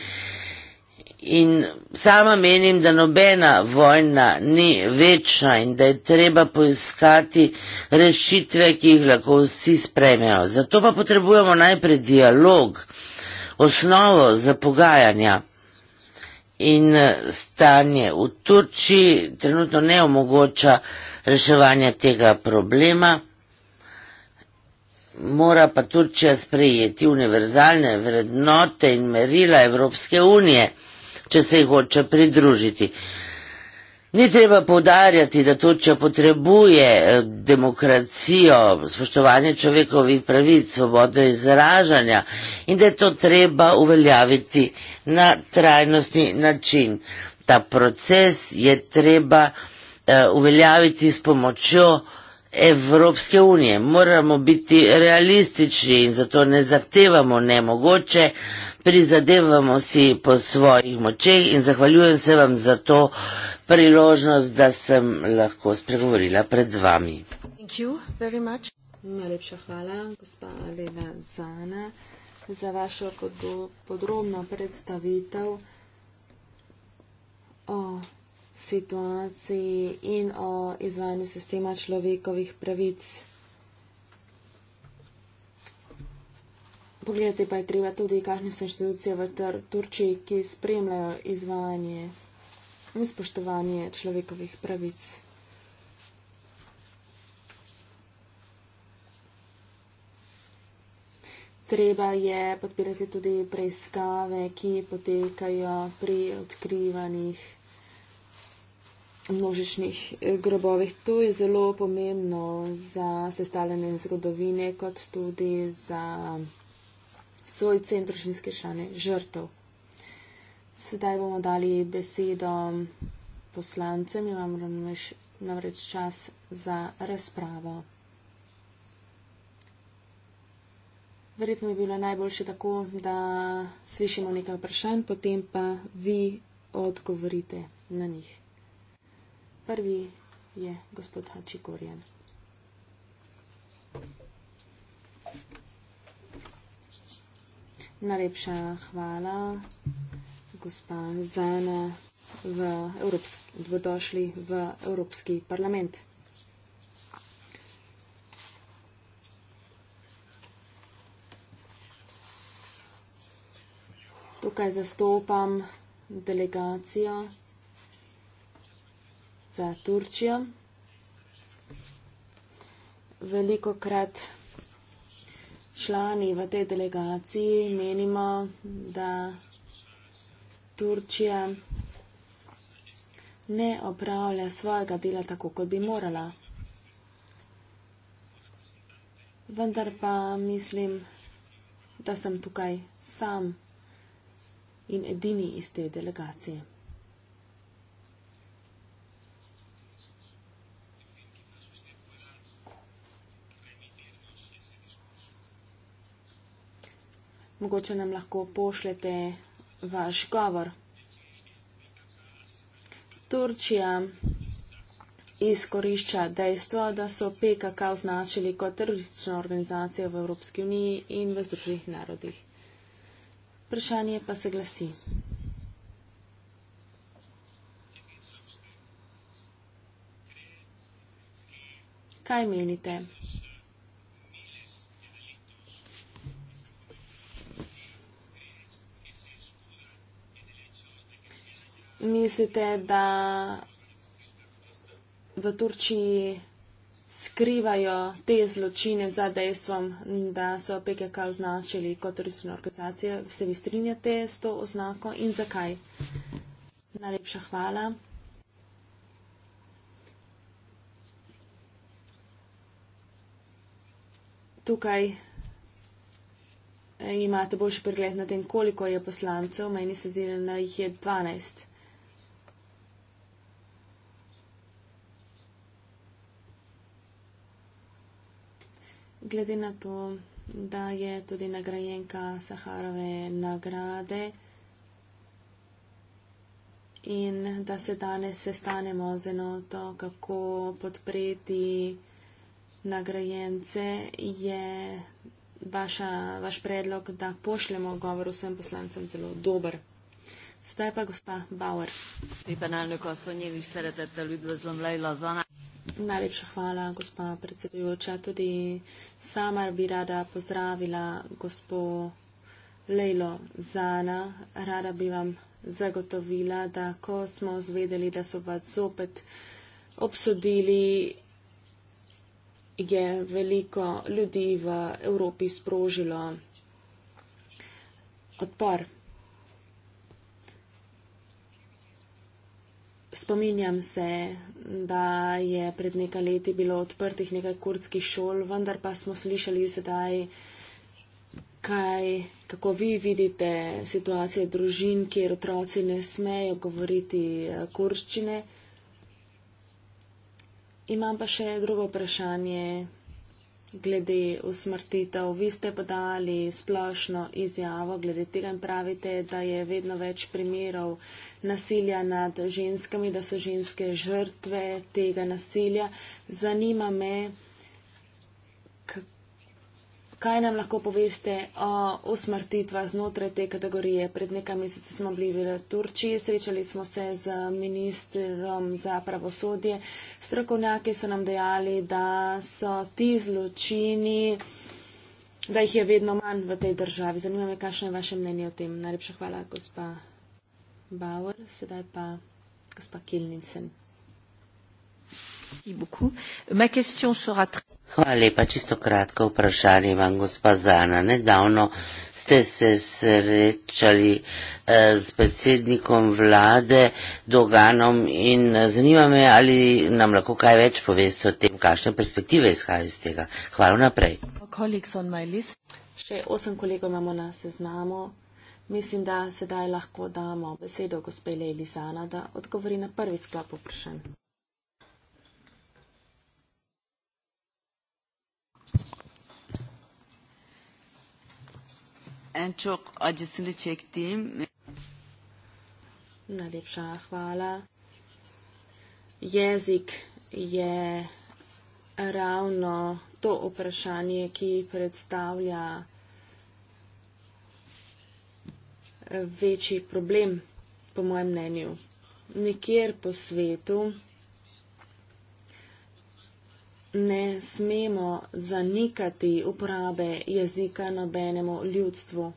In sama menim, da nobena vojna ni večna in da je treba poiskati rešitve, ki jih lahko vsi sprejmejo. Zato pa potrebujemo najprej dialog, osnovo za pogajanja. In eh, stanje v Turčiji trenutno ne omogoča reševanja tega problema. Mora pa Turčija sprejeti univerzalne vrednote in merila Evropske unije če se jih hoče pridružiti. Ni treba povdarjati, da Turčija potrebuje eh, demokracijo, spoštovanje človekovih pravic, svobodo izražanja in da je to treba uveljaviti na trajnostni način. Ta proces je treba eh, uveljaviti s pomočjo Evropske unije. Moramo biti realistični in zato ne zahtevamo nemogoče, prizadevamo si po svojih močeh in zahvaljujem se vam za to priložnost, da sem lahko spregovorila pred vami.
Najlepša hvala, gospa Lena Zana, za vašo podrobno predstavitev. O, situaciji in o izvajanju sistema človekovih pravic. Pogledati pa je treba tudi, kakšne so inštitucije v tr Turčiji, ki spremljajo izvajanje in spoštovanje človekovih pravic. Treba je podpirati tudi preiskave, ki potekajo pri odkrivanjih množičnih eh, grobovih. To je zelo pomembno za sestavljanje zgodovine, kot tudi za svojce in družinske člane žrtev. Sedaj bomo dali besedo poslancem, imamo namreč čas za razpravo. Verjetno bi bilo najboljše tako, da slišimo nekaj vprašanj, potem pa vi odgovorite na njih. Prvi je gospod Hači Gorjan. Najlepša hvala, gospa Zana, v dobrodošli v Evropski parlament. Tukaj zastopam delegacijo za Turčijo. Veliko krat člani v tej delegaciji menimo, da Turčija ne opravlja svojega dela tako, kot bi morala. Vendar pa mislim, da sem tukaj sam in edini iz te delegacije. mogoče nam lahko pošljete vaš govor. Turčija izkorišča dejstvo, da so PKK označili kot teroristično organizacijo v Evropski uniji in v Združenih narodih. Vprašanje pa se glasi. Kaj menite? mislite, da v Turčiji skrivajo te zločine za dejstvom, da so PKK označili kot turistične organizacije? Se vi strinjate s to oznako in zakaj? Najlepša hvala. Tukaj eh, imate boljši pregled na tem, koliko je poslancev, meni se zdi, da jih je 12. glede na to, da je tudi nagrajenka Saharove nagrade in da se danes sestanemo z enoto, kako podpreti nagrajence, je vaša, vaš predlog, da pošljemo govor vsem poslancem zelo dober. Zdaj pa gospa Bauer. Najlepša hvala, gospa predsedujoča. Tudi sama bi rada pozdravila gospo Lejlo Zana. Rada bi vam zagotovila, da ko smo zvedeli, da so vas zopet obsodili, je veliko ljudi v Evropi sprožilo odpor. spominjam se, da je pred nekaj leti bilo odprtih nekaj kurdskih šol, vendar pa smo slišali sedaj, kaj, kako vi vidite situacijo družin, kjer otroci ne smejo govoriti eh, kurščine. Imam pa še drugo vprašanje glede usmrtitev. Vi ste podali splošno izjavo glede tega in pravite, da je vedno več primerov nasilja nad ženskami, da so ženske žrtve tega nasilja. Zanima me, Kaj nam lahko poveste o usmrtitvah znotraj te kategorije? Pred nekaj meseci smo bili v Turčiji, srečali smo se z ministrom za pravosodje. Strokovnjaki so nam dejali, da so ti zločini, da jih je vedno manj v tej državi. Zanima me, kakšno je vaše mnenje o tem. Najlepša hvala, gospa Bauer. Sedaj pa gospa Kilnicen.
Hvala lepa. Čisto kratko vprašanje vam, gospa Zana. Nedavno ste se srečali eh, s predsednikom vlade Doganom in eh, zanima me, ali nam lahko kaj več poveste o tem, kakšne perspektive izhajajo iz tega. Hvala naprej.
Še osem kolegov imamo na seznamu. Mislim, da sedaj lahko damo besedo gospe Leli Zana, da odgovori na prvi sklop vprašanj.
en çok acısını çektiğim.
Najlepša hvala. Jezik je ravno to vprašanje, ki predstavlja večji problem, po mojem mnenju. Nekjer po svetu ne smemo zanikati uporabe jezika nobenemu ljudstvu.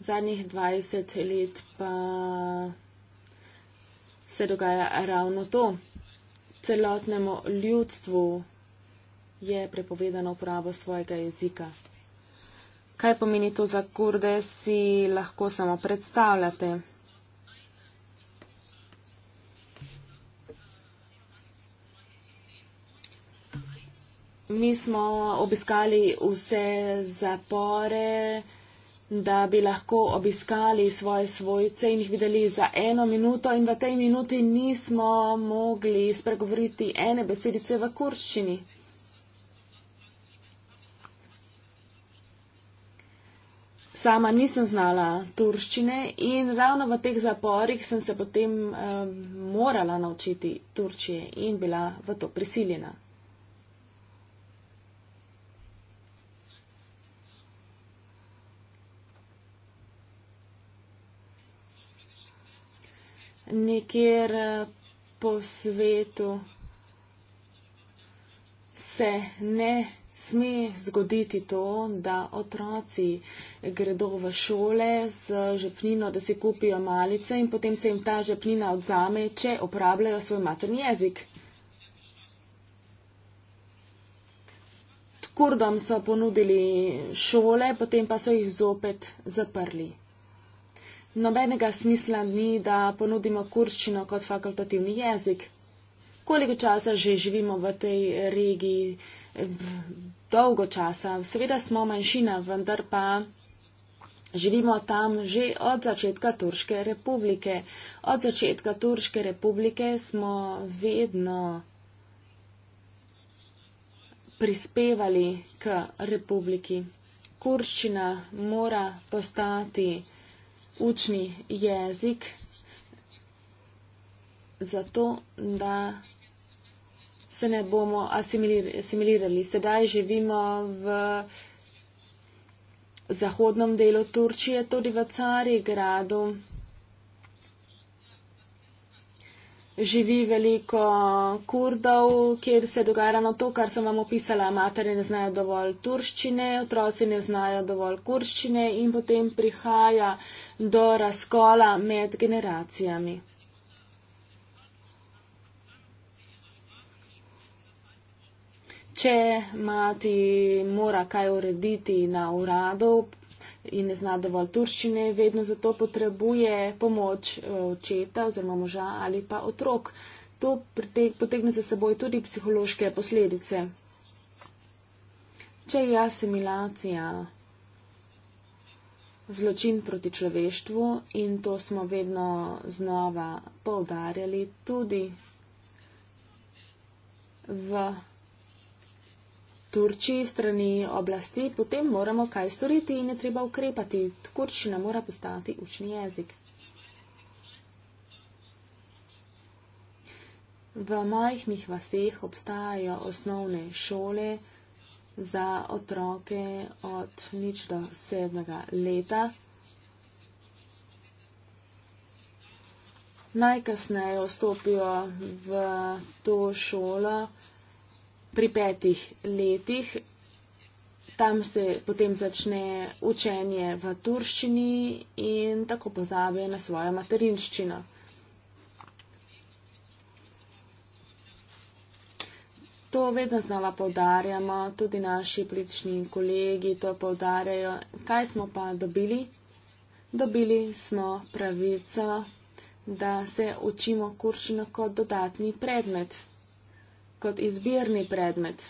Zadnjih 20 let pa se dogaja ravno to. Celotnemu ljudstvu je prepovedano uporabo svojega jezika. Kaj pomeni to za kurde, si lahko samo predstavljate. Mi smo obiskali vse zapore, da bi lahko obiskali svoje svojce in jih videli za eno minuto in v tej minuti nismo mogli spregovoriti ene besedice v kurščini. sama nisem znala turščine in ravno v teh zaporih sem se potem um, morala naučiti turčije in bila v to prisiljena. Nekjer eh, po svetu se ne sme zgoditi to, da otroci gredo v šole z žepnino, da si kupijo malice in potem se jim ta žepnina odzame, če uporabljajo svoj materni jezik. Kurdom so ponudili šole, potem pa so jih zopet zaprli. Nobenega smisla ni, da ponudimo kurščino kot fakultativni jezik. Koliko časa že živimo v tej regiji? dolgo časa. Seveda smo manjšina, vendar pa živimo tam že od začetka Turške republike. Od začetka Turške republike smo vedno prispevali k republiki. Kurščina mora postati učni jezik zato, da se ne bomo asimilirali. Sedaj živimo v zahodnem delu Turčije, tudi v Carigradu. Živi veliko kurdov, kjer se dogaja na to, kar sem vam opisala. Matere ne znajo dovolj turščine, otroci ne znajo dovolj kurščine in potem prihaja do razkola med generacijami. Če mati mora kaj urediti na uradu in ne zna dovolj turščine, vedno zato potrebuje pomoč eh, očeta oziroma moža ali pa otrok. To potegne za seboj tudi psihološke posledice. Če je asimilacija zločin proti človeštvu in to smo vedno znova poudarjali tudi v. Turčiji strani oblasti, potem moramo kaj storiti in je treba ukrepati. Turčina mora postati učni jezik. V majhnih vaseh obstajajo osnovne šole za otroke od nič do sedmega leta. Najkasneje vstopijo v to šolo pri petih letih. Tam se potem začne učenje v turščini in tako pozabijo na svojo materinščino. To vedno znova povdarjamo, tudi naši politični kolegi to povdarjajo. Kaj smo pa dobili? Dobili smo pravico, da se učimo kuršino kot dodatni predmet kot izbirni predmet.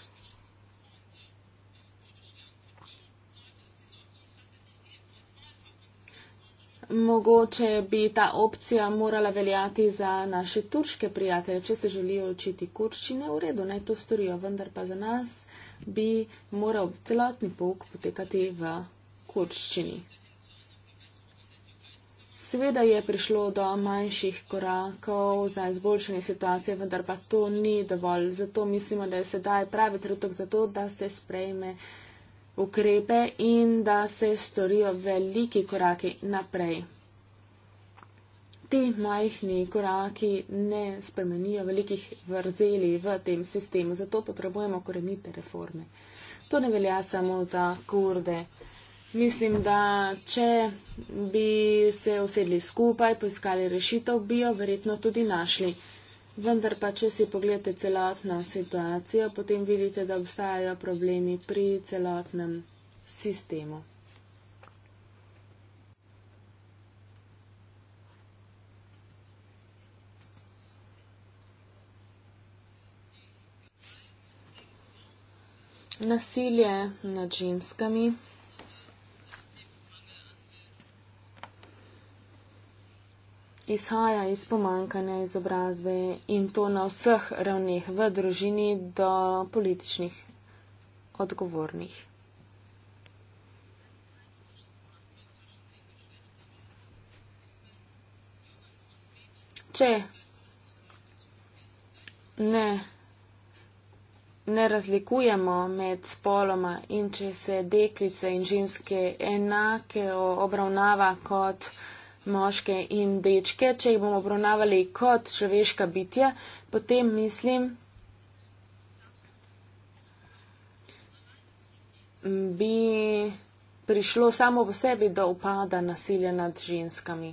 Mogoče bi ta opcija morala veljati za naše turške prijatelje, če se želijo učiti kurščine, v redu, naj to storijo, vendar pa za nas bi moral celotni pouk potekati v kurščini. Seveda je prišlo do manjših korakov za izboljšanje situacije, vendar pa to ni dovolj. Zato mislimo, da je sedaj pravi trenutek za to, da se sprejme ukrepe in da se storijo veliki koraki naprej. Ti majhni koraki ne spremenijo velikih vrzeli v tem sistemu, zato potrebujemo korenite reforme. To ne velja samo za kurde. Mislim, da če bi se usedli skupaj, poiskali rešitev, bi jo verjetno tudi našli. Vendar pa, če si pogledate celotno situacijo, potem vidite, da obstajajo problemi pri celotnem sistemu. Nasilje nad ženskami izhaja iz pomankanja izobrazbe in to na vseh ravneh, v družini do političnih odgovornih. Če ne, ne razlikujemo med spoloma in če se deklice in ženske enake obravnava kot uh, moške in dečke, če jih bomo obravnavali kot človeška bitja, potem mislim, bi prišlo samo po sebi do upada nasilja nad ženskami.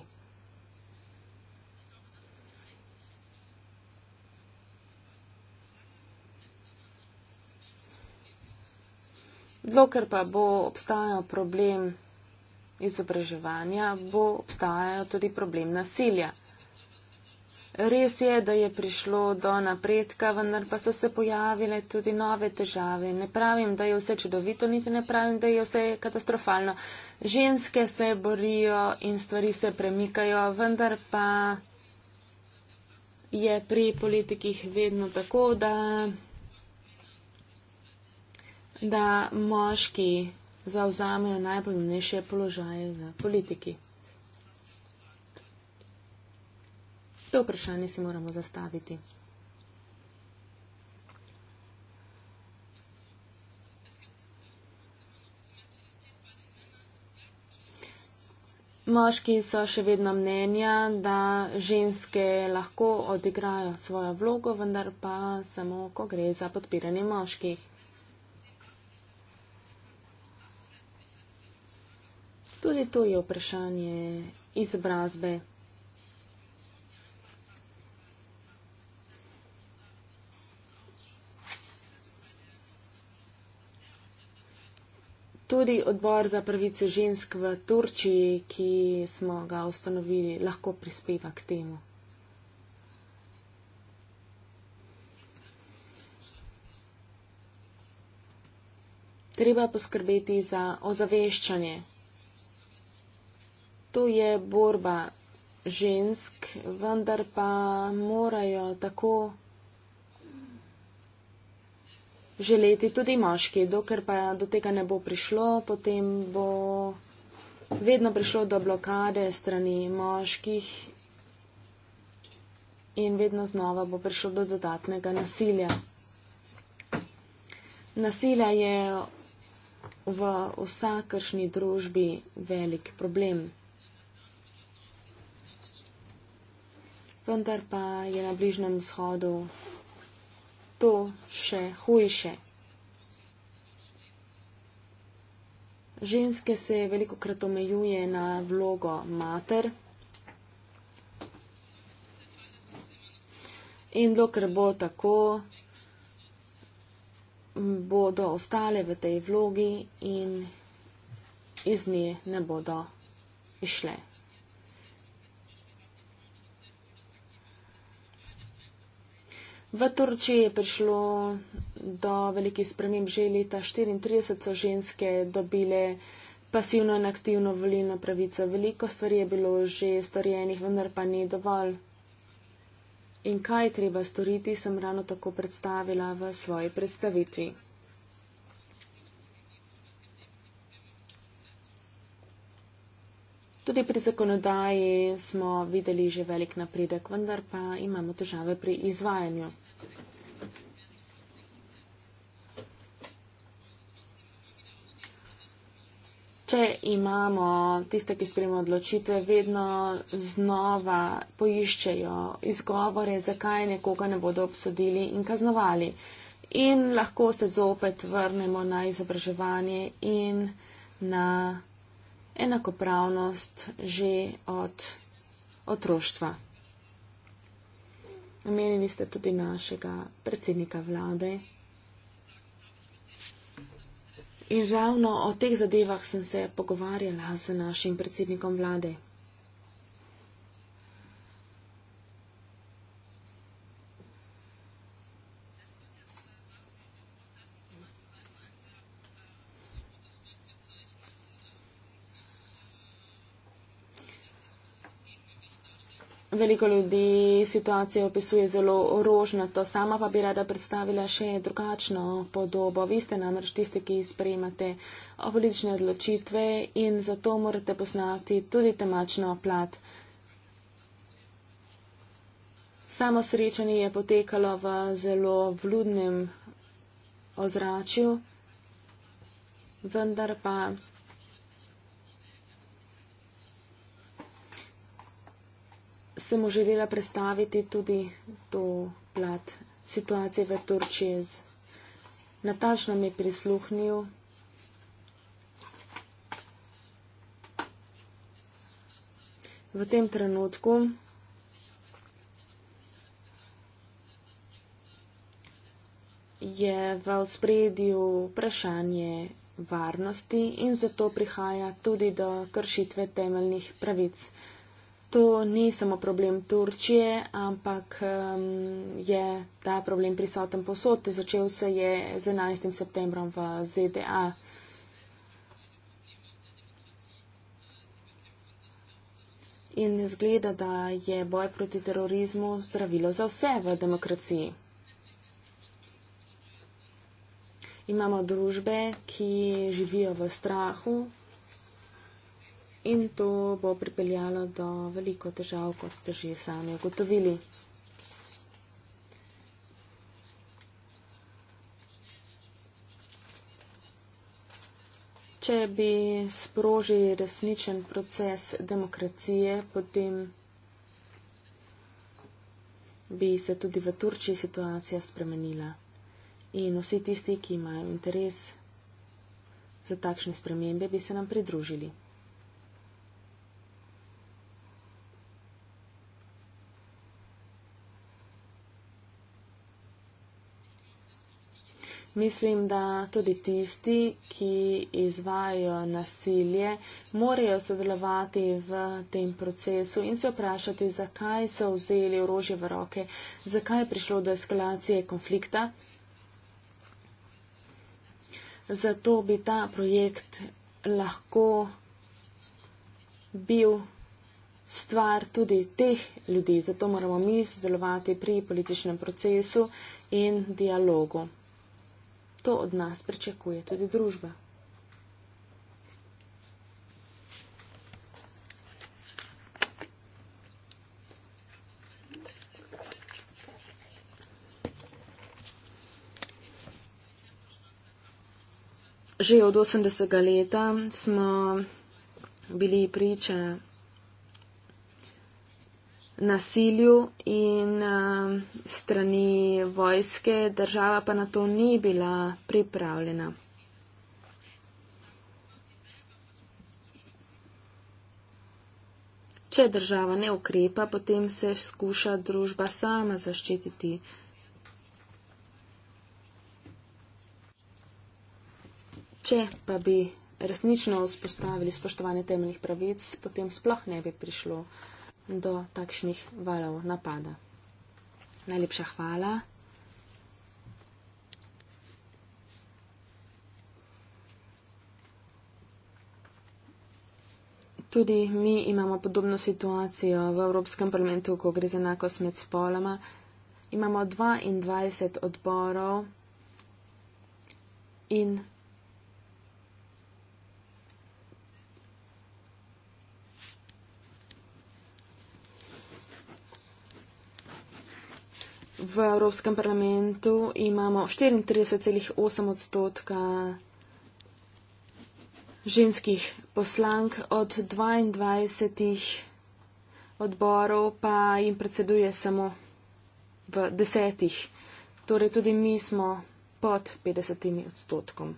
Dokler pa bo obstajal problem, izobraževanja, bo obstajal tudi problem nasilja. Res je, da je prišlo do napredka, vendar pa so se pojavile tudi nove težave. Ne pravim, da je vse čudovito, niti ne pravim, da je vse katastrofalno. Ženske se borijo in stvari se premikajo, vendar pa je pri politikih vedno tako, da, da moški zauzamejo najpomembnejše položaje v politiki? To vprašanje si moramo zastaviti. Moški so še vedno mnenja, da ženske lahko odigrajo svojo vlogo, vendar pa samo, ko gre za podpiranje moških. Tudi to je vprašanje izobrazbe. Tudi odbor za pravice žensk v Turčiji, ki smo ga ustanovili, lahko prispeva k temu. Treba poskrbeti za ozaveščanje to je borba žensk, vendar pa morajo tako želeti tudi moški. Dokler pa do tega ne bo prišlo, potem bo vedno prišlo do blokade strani moških in vedno znova bo prišlo do dodatnega nasilja. Nasilje je v vsakršni družbi velik problem. vendar pa je na Bližnjem vzhodu to še hujše. Ženske se veliko krat omejuje na vlogo mater. In dokler bo tako, bodo ostale v tej vlogi in iz nje ne bodo išle. V Turčiji je prišlo do velikih sprememb. Že leta 1934 so ženske dobile pasivno in aktivno volilno pravico. Veliko stvari je bilo že storjenih, vendar pa ni dovolj. In kaj treba storiti, sem ravno tako predstavila v svoji predstavitvi. Tudi pri zakonodaji smo videli že velik napredek, vendar pa imamo težave pri izvajanju. Če imamo tiste, ki spremljajo odločitve, vedno znova poiščejo izgovore, zakaj nekoga ne bodo obsodili in kaznovali. In lahko se zopet vrnemo na izobraževanje in na enakopravnost že od otroštva. Omenili ste tudi našega predsednika vlade. In ravno o teh zadevah sem se pogovarjala z našim predsednikom vlade, veliko ljudi situacijo opisuje zelo rožnato, sama pa bi rada predstavila še drugačno podobo. Vi ste namreč tisti, ki sprejemate politične odločitve in zato morate poznati tudi temačno plat. Samo srečanje je potekalo v zelo vludnem ozračju, vendar pa. se mu želela predstaviti tudi to plat situacije v Turčiji. Natančno mi je prisluhnil. V tem trenutku je v ospredju vprašanje varnosti in zato prihaja tudi do kršitve temeljnih pravic to ni samo problem Turčije, ampak um, je ta problem prisoten posod. Začel se je z 11. septembrom v ZDA. In zgleda, da je boj proti terorizmu zdravilo za vse v demokraciji. Imamo družbe, ki živijo v strahu, in to bo pripeljalo do veliko težav, kot ste že sami ugotovili. Če bi sprožili resničen proces demokracije, potem bi se tudi v Turčiji situacija spremenila. In vsi tisti, ki imajo interes za takšne spremembe, bi se nam pridružili. Mislim, da tudi tisti, ki izvajo nasilje, morajo sodelovati v tem procesu in se vprašati, zakaj so vzeli orožje v roke, zakaj je prišlo do eskalacije konflikta. Zato bi ta projekt lahko bil stvar tudi teh ljudi. Zato moramo mi sodelovati pri političnem procesu in dialogu. To od nas pričakuje tudi družba. Že od 80. leta smo bili priča nasilju in uh, strani vojske, država pa na to ni bila pripravljena. Če država ne ukrepa, potem se skuša družba sama zaščititi. Če pa bi resnično vzpostavili spoštovanje temeljnih pravic, potem sploh ne bi prišlo do takšnih valov napada. Najlepša hvala. Tudi mi imamo podobno situacijo v Evropskem parlamentu, ko gre za enakost med spoloma. Imamo 22 odborov in v Evropskem parlamentu imamo 34,8 odstotka ženskih poslank, od 22 odborov pa jim predseduje samo v desetih. Torej tudi mi smo pod 50 odstotkom.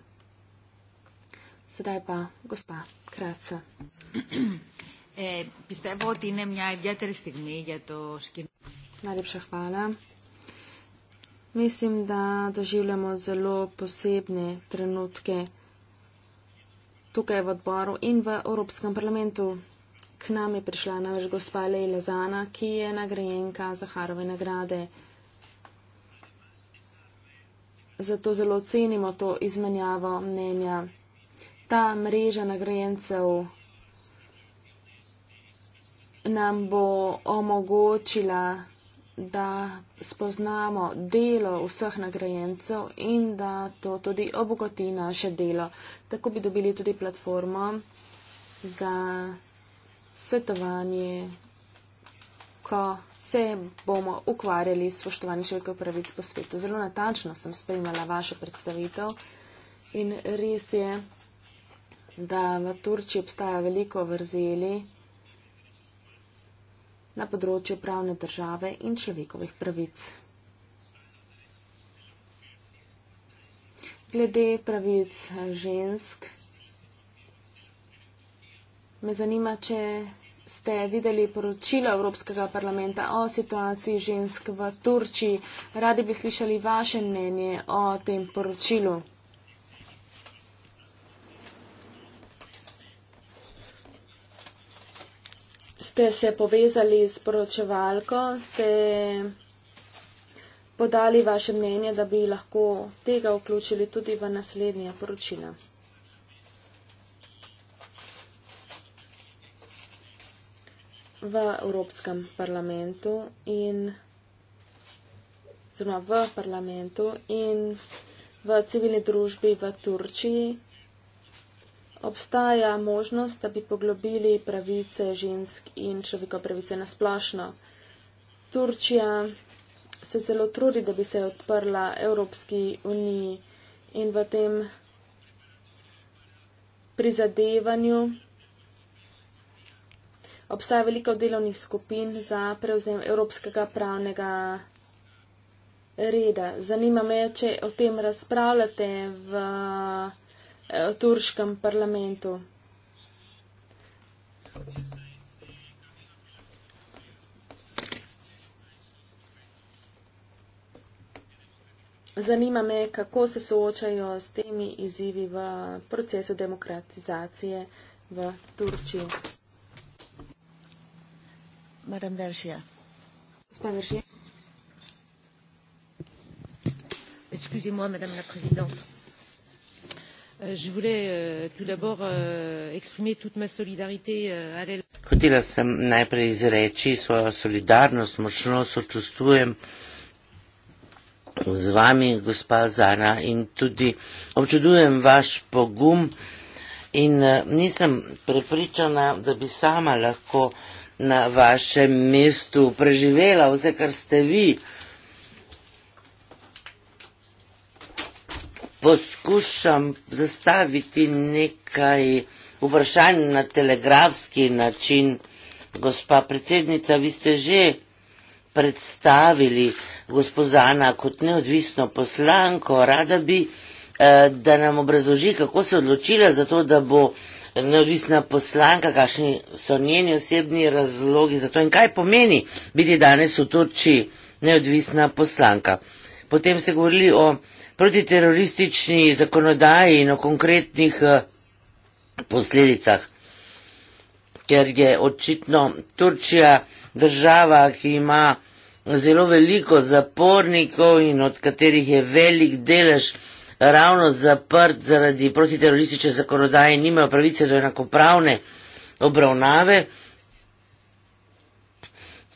Sedaj pa gospa Kratca.
Eh, Najlepša hvala
mislim, da doživljamo zelo posebne trenutke tukaj v odboru in v Evropskem parlamentu. K nam je prišla namreč gospa Leila Zana, ki je nagrajenka Zaharove nagrade. Zato zelo cenimo to izmenjavo mnenja. Ta mreža nagrajencev nam bo omogočila da spoznamo delo vseh nagrajencev in da to tudi obogati naše delo. Tako bi dobili tudi platformo za svetovanje, ko se bomo ukvarjali s spoštovanjem človekov pravic po svetu. Zelo natančno sem spremljala vašo predstavitev in res je, da v Turčiji obstaja veliko vrzeli na področju pravne države in človekovih pravic. Glede pravic eh, žensk, me zanima, če ste videli poročilo Evropskega parlamenta o situaciji žensk v Turčiji. Radi bi slišali vaše mnenje o tem poročilu. ste se povezali s poročevalko, ste podali vaše mnenje, da bi lahko tega vključili tudi v naslednje poročila. V Evropskem parlamentu in oziroma v parlamentu in v civilni družbi v Turčiji obstaja možnost, da bi poglobili pravice žensk in človekove pravice na splošno. Turčija se zelo trudi, da bi se odprla Evropski uniji in v tem prizadevanju obstaja veliko delovnih skupin za prevzem evropskega pravnega reda. Zanima me, če o tem razpravljate v. Eh, turškem parlamentu. Zanima me, kako se soočajo s temi izzivi v procesu demokratizacije v Turčiji. Madam Veršija. Gospa Veršija.
Excusez-moi, madame la présidente. Euh, je voulais euh, tout d'abord euh, exprimer toute ma solidarité à l'aile. Hotela sem najprej izreči svojo solidarnost, močno sočustujem z vami, gospa Zara, in tudi občudujem vaš pogum in eh, nisem prepričana, da bi sama lahko na vašem mestu preživela vse, kar ste vi. poskušam zastaviti nekaj vprašanj na telegrafski način. Gospa predsednica, vi ste že predstavili gospozana kot neodvisno poslanko. Rada bi, eh, da nam obrazloži, kako se odločila za to, da bo neodvisna poslanka, kakšni so njeni osebni razlogi za to in kaj pomeni biti danes v Turčiji neodvisna poslanka. Potem ste govorili o protiteroristični zakonodaji in o konkretnih eh, posledicah, ker je očitno Turčija država, ki ima zelo veliko zapornikov in od katerih je velik delež ravno zaprt zaradi protiteroristične zakonodaje in nimajo pravice do enakopravne obravnave.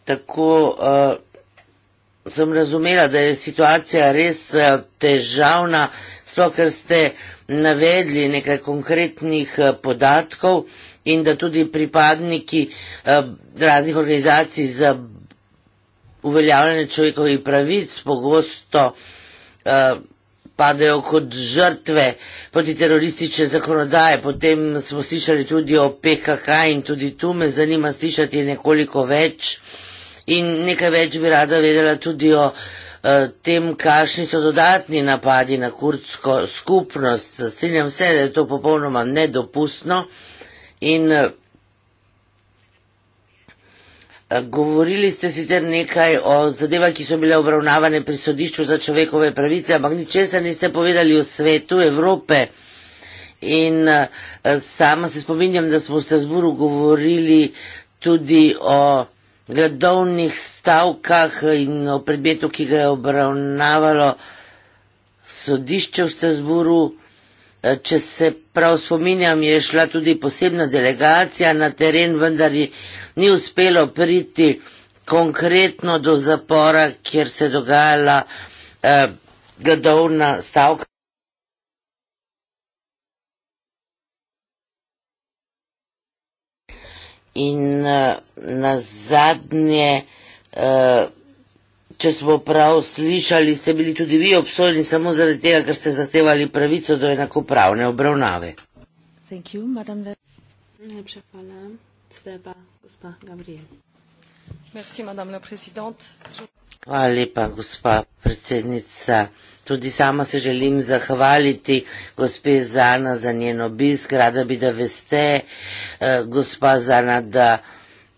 Tako uh, sem razumela, da je situacija res eh, težavna, sploh ker ste navedli nekaj konkretnih eh, podatkov in da tudi pripadniki eh, raznih organizacij za uveljavljanje človekovih pravic pogosto padajo kot žrtve protiteroristične zakonodaje. Potem smo slišali tudi o PKK in tudi tu me zanima slišati nekoliko več. In nekaj več bi rada vedela tudi o eh, tem, kakšni so dodatni napadi na kurdsko skupnost. Strinjam se, da je to popolnoma nedopustno in eh, Govorili ste sicer nekaj o zadevah, ki so bile obravnavane pri sodišču za človekove pravice, ampak ničesar niste povedali o svetu Evrope. In eh, sama se spominjam, da smo v Strasburu govorili tudi o gradovnih stavkah in o predmetu, ki ga je obravnavalo sodišče v Strasburu. Eh, če se prav spominjam, je šla tudi posebna delegacija na teren, vendar ni uspelo priti konkretno do zapora, kjer se dogajala eh, gadovna stavka. in eh, na zadnje, eh, če smo prav slišali, ste bili tudi vi obsojeni samo zaradi tega, ker ste zahtevali pravico do enakopravne obravnave.
You, Najlepša hvala. Ste pa gospa Gabriel. Merci, hvala
lepa, gospa predsednica. Tudi sama se želim zahvaliti gospe Zana za njen obisk, rada bi, da veste, eh, gospa Zana, da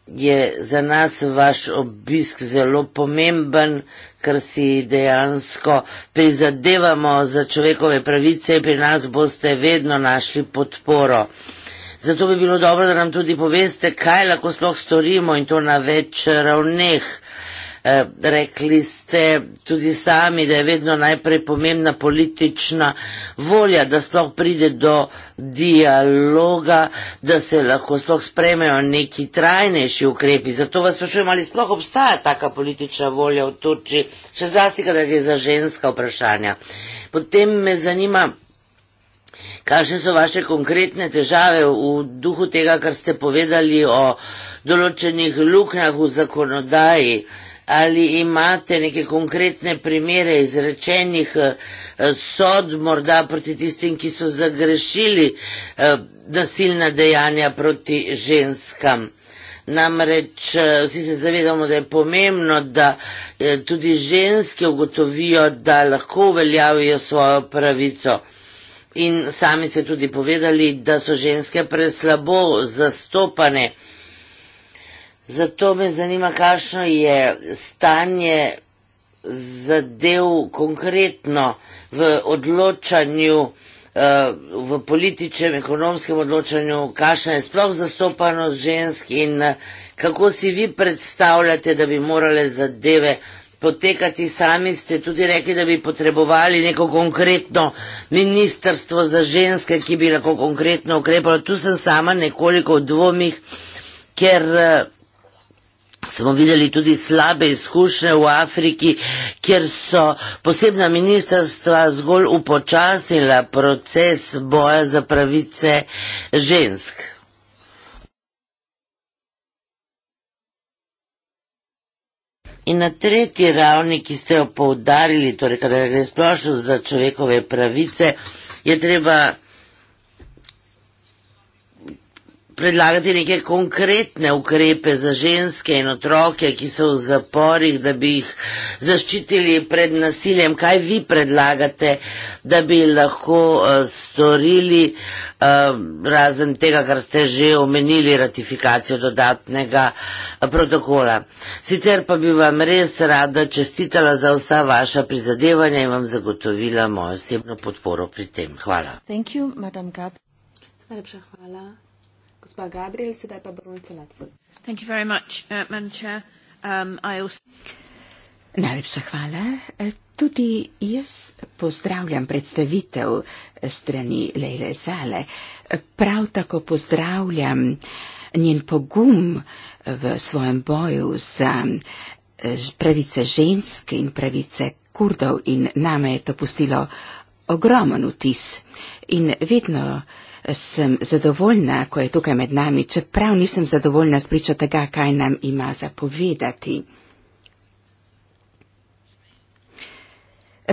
je za nas vaš obisk zelo pomemben, ker si dejansko prizadevamo za človekove pravice in pri nas boste vedno našli podporo. Zato bi bilo dobro, da nam tudi poveste, kaj lahko sploh storimo in to na več ravneh. Eh, rekli ste tudi sami, da je vedno najprej pomembna politična volja, da sploh pride do dialoga, da se lahko sploh spremejo neki trajnejši ukrepi. Zato vas sprašujem, ali sploh obstaja taka politična volja v Turčiji, še zlasti, kadar gre za ženska vprašanja. Potem me zanima, kakšne so vaše konkretne težave v duhu tega, kar ste povedali o določenih luknjah v zakonodaji, uh, ali imate neke konkretne primere izrečenih eh, sod morda proti tistim, ki so zagrešili eh, nasilna dejanja proti ženskam. Namreč eh, vsi se zavedamo, da je pomembno, da tudi ženske ugotovijo, da lahko uveljavijo svojo pravico. In sami ste tudi povedali, da so ženske preslabo zastopane. Zato me zanima, kakšno je stanje zadev konkretno v odločanju, eh, v političnem, ekonomskem odločanju, kakšna je sploh zastopanost žensk in eh, kako si vi predstavljate, da bi morale zadeve potekati sami, ste tudi rekli, da bi potrebovali neko konkretno ministrstvo za ženske, ki bi lahko konkretno ukrepalo. Tu sem sama nekoliko v dvomih, ker eh, Smo videli tudi slabe izkušnje v Afriki, kjer so posebna ministrstva zgolj upočasnila proces boja za pravice žensk. In na tretji ravni, ki ste jo poudarili, torej kada gre splošno za človekove pravice, je treba predlagati neke konkretne ukrepe za ženske in otroke, ki so v zaporih, da bi jih zaščitili pred nasiljem. Kaj vi predlagate, da bi lahko uh, storili, uh, razen tega, kar ste že omenili, ratifikacijo dodatnega uh, protokola? Sicer pa bi vam res rada čestitala za vsa vaša prizadevanja in vam zagotovila mojo osebno podporo pri tem. Hvala.
Najlepša hvala. Gospa Gabriel, sedaj pa baronica Latford. Thank you very much, uh, Madam Chair. Um, I also...
Najlepša hvala. E, tudi jaz pozdravljam predstavitev strani Leile Sale. E, prav tako pozdravljam njen pogum v svojem boju za e, pravice žensk in pravice kurdov in name je to pustilo ogromen vtis. In vedno sem zadovoljna, ko je tukaj med nami, čeprav nisem zadovoljna s pričo tega, kaj nam ima zapovedati.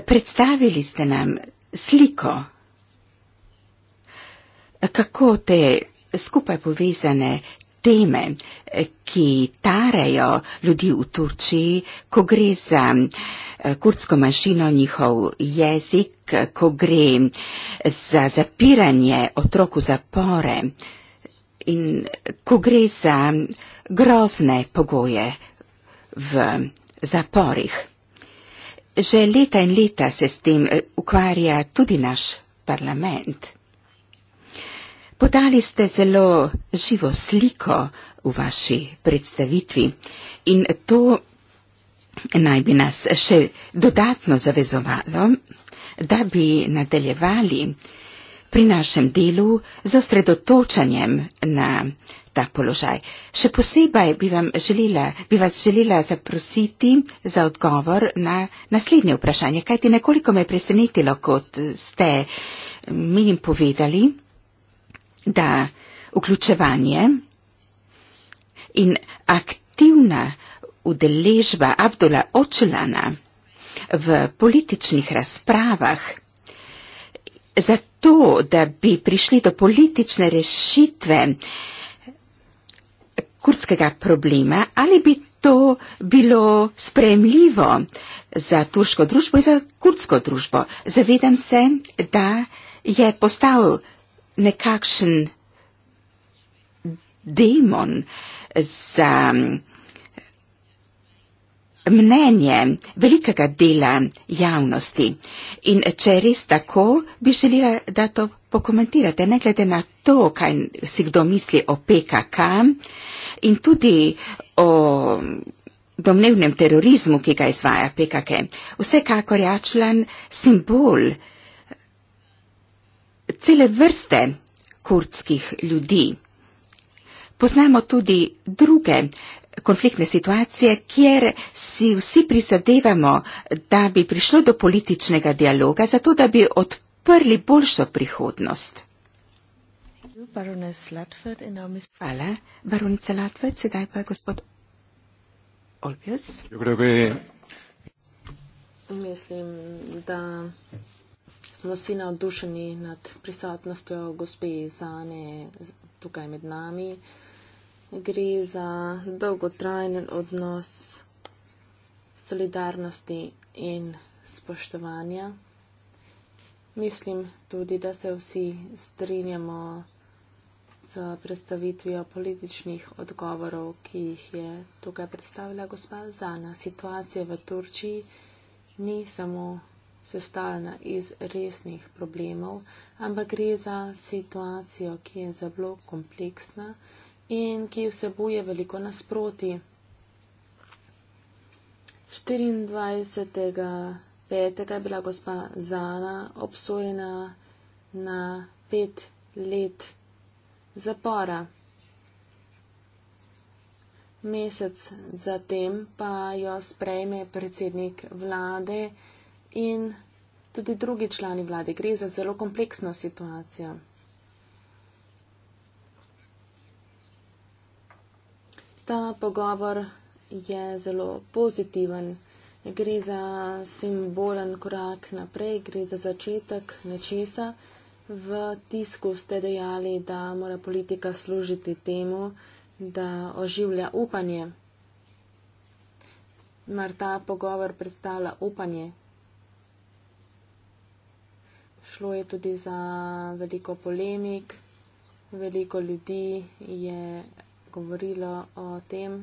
Predstavili ste nam sliko, kako te skupaj povezane teme, eh, ki tarejo ljudi v Turčiji, ko gre za eh, kurdsko manjšino, njihov jezik, ko gre za zapiranje otrok v zapore in ko gre za grozne pogoje v zaporih. Že leta in leta se s tem eh, ukvarja tudi naš parlament. Podali ste zelo živo sliko v vaši predstavitvi in to naj bi nas še dodatno zavezovalo, da bi nadaljevali pri našem delu z osredotočanjem na ta položaj. Še posebej bi, želela, bi vas želela zaprositi za odgovor na naslednje vprašanje, kajti nekoliko me je presenetilo, kot ste menim povedali, da vključevanje in aktivna udeležba Abdula Očulana v političnih razpravah zato, da bi prišli do politične rešitve kurdskega problema ali bi to bilo sprejemljivo za turško družbo in za kurdsko družbo. Zavedam se, da je postal nekakšen demon za mm, mnenje velikega dela javnosti. In če je res tako, bi želela, da to pokomentirate, ne glede na to, kaj si kdo misli o PKK in tudi o mm, domnevnem terorizmu, ki ga izvaja PKK. Vsekakor je ja, član simbol cele vrste kurdskih ljudi. Poznamo tudi druge konfliktne situacije, kjer si vsi prizadevamo, da bi prišlo do političnega dialoga, zato da bi odprli boljšo prihodnost. Hvala, baronica Latvard, sedaj pa gospod Olbjus.
Mislim, da smo vsi navdušeni nad prisotnostjo gospe Zane tukaj med nami. Gre za dolgotrajen odnos solidarnosti in spoštovanja. Mislim tudi, da se vsi strinjamo z predstavitvijo političnih odgovorov, ki jih je tukaj predstavila gospa Zana. Situacija v Turčiji ni samo sestavljena iz resnih problemov, ampak gre za situacijo, ki je zelo kompleksna in ki vsebuje veliko nasproti. 24.5. je bila gospa Zana obsojena na pet let zapora. Mesec zatem pa jo sprejme predsednik vlade in tudi drugi člani vlade. Gre za zelo kompleksno situacijo. Ta pogovor je zelo pozitiven. Gre za simbolen korak naprej, gre za začetek nečesa. V tisku ste dejali, da mora politika služiti temu, da oživlja upanje. Mar ta pogovor predstavlja upanje, šlo je tudi za veliko polemik, veliko ljudi je govorilo o tem.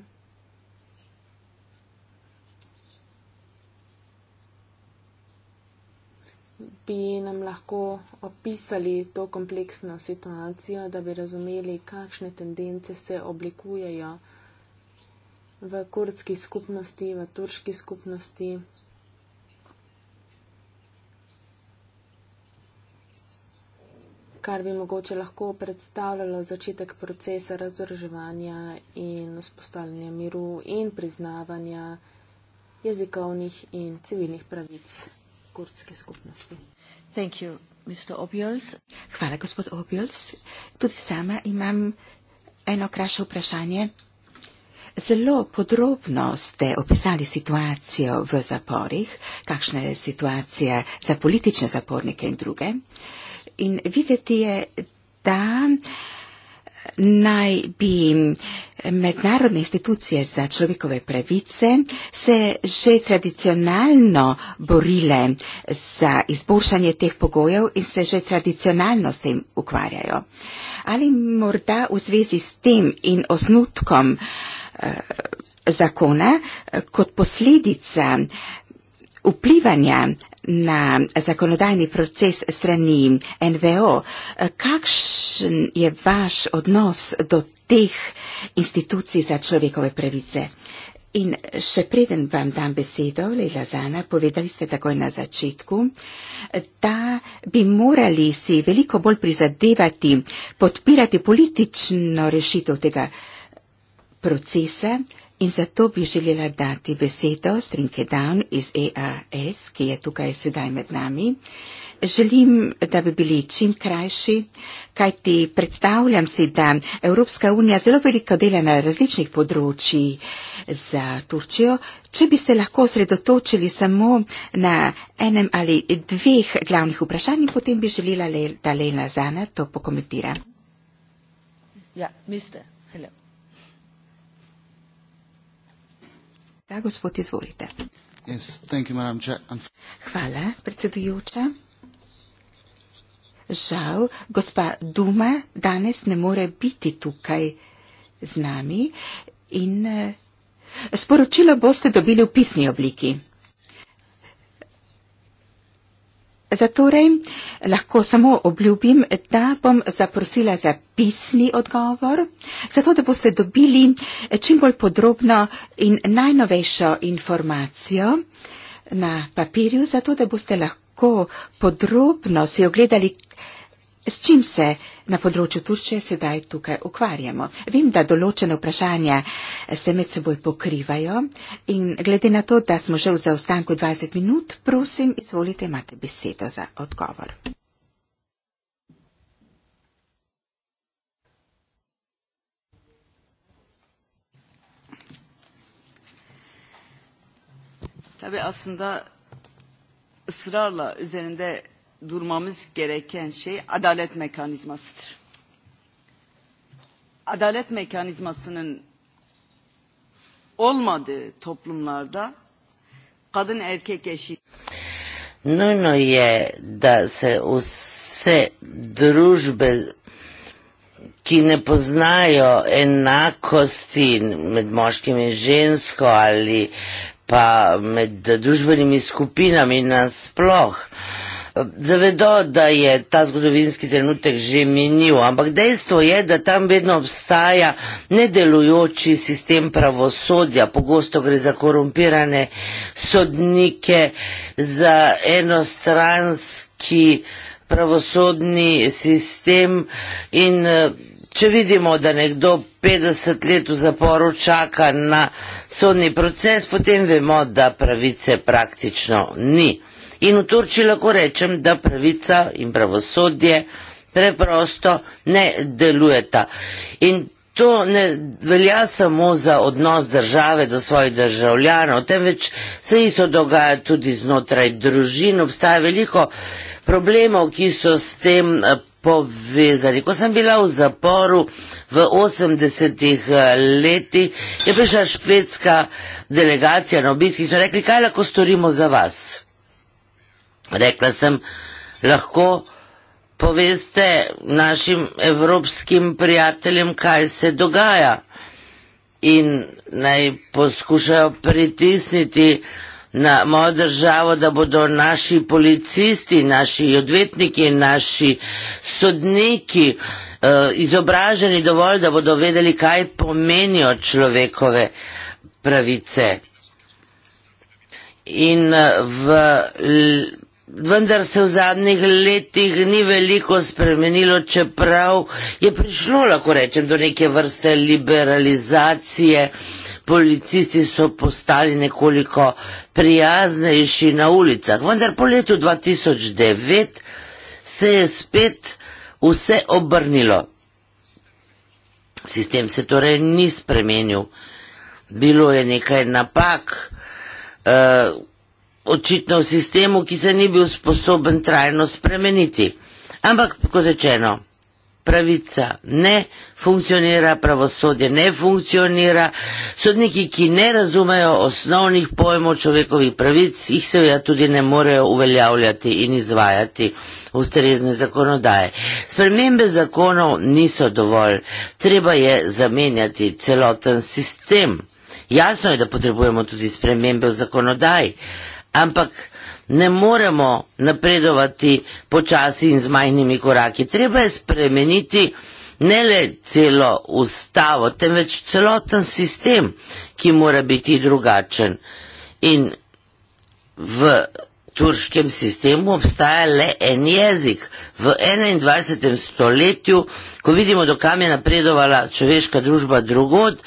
Bi nam lahko opisali to kompleksno situacijo, da bi razumeli, kakšne tendence se oblikujejo v kurdski skupnosti, v turški skupnosti. kar bi mogoče lahko predstavljalo začetek procesa razdrževanja in vzpostavljanja miru in priznavanja jezikovnih in civilnih pravic kurdske skupnosti. Thank you, Mr. Objols.
Hvala, gospod Objols. Tudi sama imam eno krajše vprašanje. Zelo podrobno ste opisali situacijo v zaporih, kakšna je situacija za politične zapornike in druge in videti je, da naj bi mednarodne institucije za človekove pravice se že tradicionalno borile za izboljšanje teh pogojev in se že tradicionalno s tem ukvarjajo. Ali morda v zvezi s tem in osnutkom eh, zakona eh, kot posledica vplivanja na zakonodajni proces strani NVO. Kakšen je vaš odnos do teh institucij za človekove pravice? In še preden vam dam besedo, Leila Zana, povedali ste takoj na začetku, da bi morali si veliko bolj prizadevati podpirati politično rešitev tega procesa, In zato bi želela dati besedo Strinke Down iz EAS, ki je tukaj sedaj med nami. Želim, da bi bili čim krajši, kajti predstavljam si, da Evropska unija zelo veliko dela na različnih področjih za Turčijo. Če bi se lahko sredotočili samo na enem ali dveh glavnih vprašanj, potem bi želela, da Lena Zana to pokomentira.
Ja, mislim.
Ja, gospod, izvolite. Yes, you, Hvala, predsedujoča. Žal, gospa Duma danes ne more biti tukaj z nami in eh, sporočilo boste dobili v pisni obliki. Zatorej lahko samo obljubim, da bom zaprosila za pisni odgovor, zato da boste dobili eh, čim bolj podrobno in najnovejšo informacijo na papirju, zato da boste lahko podrobno si ogledali, S čim se na področju Turčije sedaj tukaj ukvarjamo? Vem, da določene vprašanja se med seboj pokrivajo in glede na to, da smo že v zaostanku 20 minut, prosim, izvolite, imate besedo za odgovor. Da bi jaz, da
srala, zelo, da durmamız gereken şey adalet mekanizmasıdır. Adalet mekanizmasının olmadığı toplumlarda kadın erkek eşit. Nuno je da se vse družbe, ki ne poznajo enakosti med moškim in žensko ali pa med družbenimi skupinami nasploh, zavedo, da je ta zgodovinski trenutek že minil, ampak dejstvo je, da tam vedno obstaja nedelujoči sistem pravosodja. Pogosto gre za korumpirane sodnike, za enostranski pravosodni sistem in eh, če vidimo, da nekdo 50 let v zaporu čaka na sodni proces, potem vemo, da pravice praktično ni. In v Turčiji lahko rečem, da pravica in pravosodje preprosto ne delujeta. In to ne velja samo za odnos države do svojih državljanov, temveč se isto dogaja tudi znotraj družin. Obstaja veliko problemov, ki so s tem. Eh, Povezali. Ko sem bila v zaporu v 80-ih eh, letih, je prišla švedska delegacija na obisk in so rekli, kaj lahko storimo za vas rekla sem, lahko poveste našim evropskim prijateljem, kaj se dogaja in naj poskušajo pritisniti na mojo državo, da bodo naši policisti, naši odvetniki, naši sodniki eh, izobraženi dovolj, da bodo vedeli, kaj pomenijo človekove pravice. In eh, v vendar se v zadnjih letih ni veliko spremenilo, čeprav je prišlo, lahko rečem, do neke vrste liberalizacije. Policisti so postali nekoliko prijaznejši na ulicah. Vendar po letu 2009 se je spet vse obrnilo. Sistem se torej ni spremenil. Bilo je nekaj napak. Uh, očitno v sistemu, ki se ni bil sposoben trajno spremeniti. Ampak, kot rečeno, pravica ne funkcionira, pravosodje ne funkcionira, sodniki, ki ne razumejo osnovnih pojmov človekovih pravic, jih seveda tudi ne morejo uveljavljati in izvajati ustrezne zakonodaje. Spremembe zakonov niso dovolj, treba je zamenjati celoten sistem. Jasno je, da potrebujemo tudi spremembe v zakonodaji, ampak ne moremo napredovati počasi in z majhnimi koraki. Treba je spremeniti ne le celo ustavo, temveč celoten sistem, ki mora biti drugačen. In v turškem sistemu obstaja le en jezik. V 21. stoletju, ko vidimo, dokam je napredovala človeška družba drugod,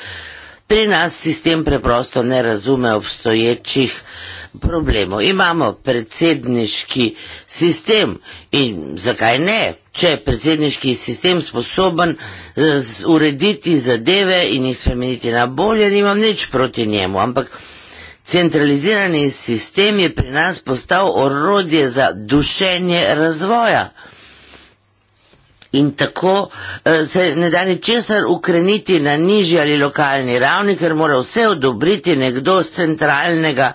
pri nas sistem preprosto ne razume obstoječih uh, problemov. Imamo predsedniški sistem in zakaj ne, če je predsedniški sistem sposoben eh, urediti zadeve in jih spremeniti na bolje, nimam nič proti njemu, ampak centralizirani sistem je pri nas postal orodje za dušenje razvoja. In tako uh, se ne da ničesar ukreniti na nižji ali lokalni ravni, ker mora vse odobriti nekdo z centralnega,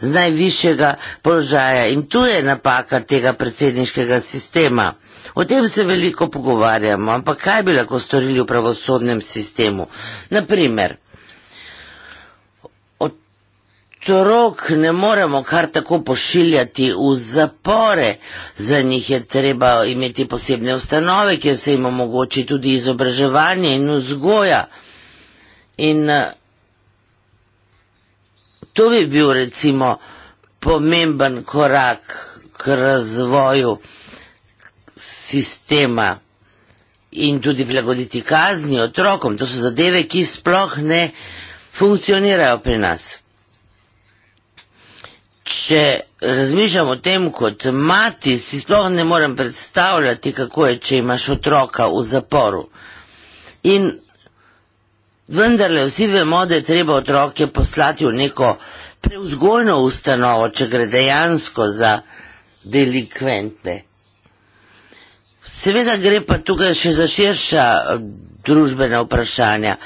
z najvišjega položaja. In tu je napaka tega predsedniškega sistema. O tem se veliko pogovarjamo, ampak kaj bi lahko storili v pravosodnem sistemu? Naprimer, otrok ne moremo kar tako pošiljati v zapore, za njih je treba imeti posebne ustanove, kjer se jim omogoči tudi izobraževanje in vzgoja. In eh, to bi bil recimo pomemben korak k razvoju sistema in tudi prilagoditi kazni otrokom. To so zadeve, ki sploh ne funkcionirajo pri nas. Če razmišljam o tem kot mati, si sploh ne morem predstavljati, kako je, če imaš otroka v zaporu. In vendarle vsi vemo, da je treba otroke poslati v neko preuzgojno ustanovo, če gre dejansko za delikvente. Seveda gre pa tukaj še za širša družbena vprašanja.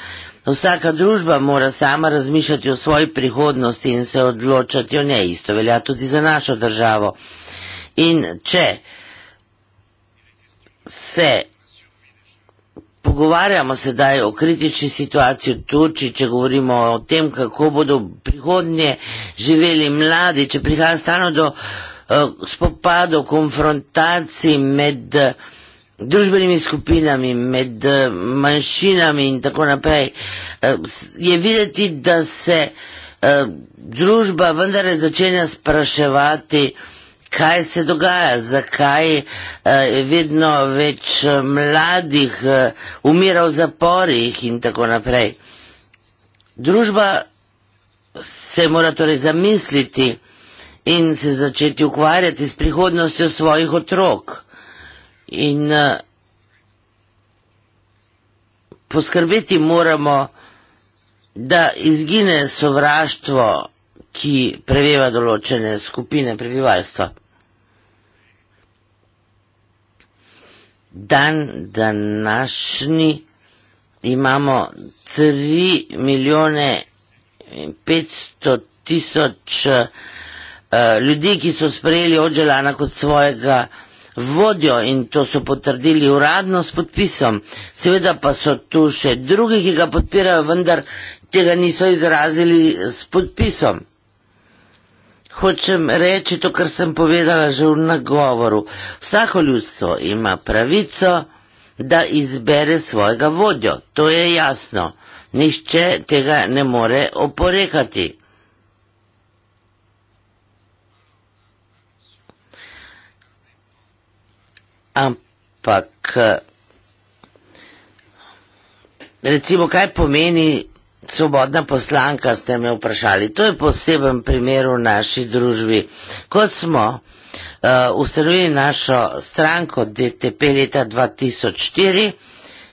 Vsaka družba mora sama razmišljati o svoji prihodnosti in se odločati o njej. Isto velja tudi za našo državo. In če se pogovarjamo sedaj o kritični situaciji v Turčiji, če govorimo o tem, kako bodo prihodnje živeli mladi, če prihaja stano do uh, spopadov, konfrontacij med uh, družbenimi skupinami, med eh, manjšinami in tako naprej, eh, je videti, da se eh, družba vendarle začenja spraševati, kaj se dogaja, zakaj vedno več mladih umira v zaporih in tako naprej. Družba se mora torej zamisliti in se začeti ukvarjati s prihodnostjo svojih otrok in eh, poskrbeti moramo, da izgine sovraštvo, ki preveva določene skupine prebivalstva. Dan današnji imamo 3 milijone 500 tisoč eh, ljudi, ki so sprejeli Ođelana kot svojega prebivalstva vodjo in to so potrdili uradno s podpisom. Seveda pa so tu še drugi, ki ga podpirajo, vendar tega niso izrazili s podpisom. Hočem reči to, kar sem povedala že v nagovoru. Vsako ljudstvo ima pravico, da izbere svojega vodjo. To je jasno. Nihče tega ne more oporekati. ampak eh, recimo, kaj pomeni svobodna poslanka, ste me vprašali. To je poseben primer v naši družbi. Ko smo uh, ustanovili našo stranko DTP leta 2004,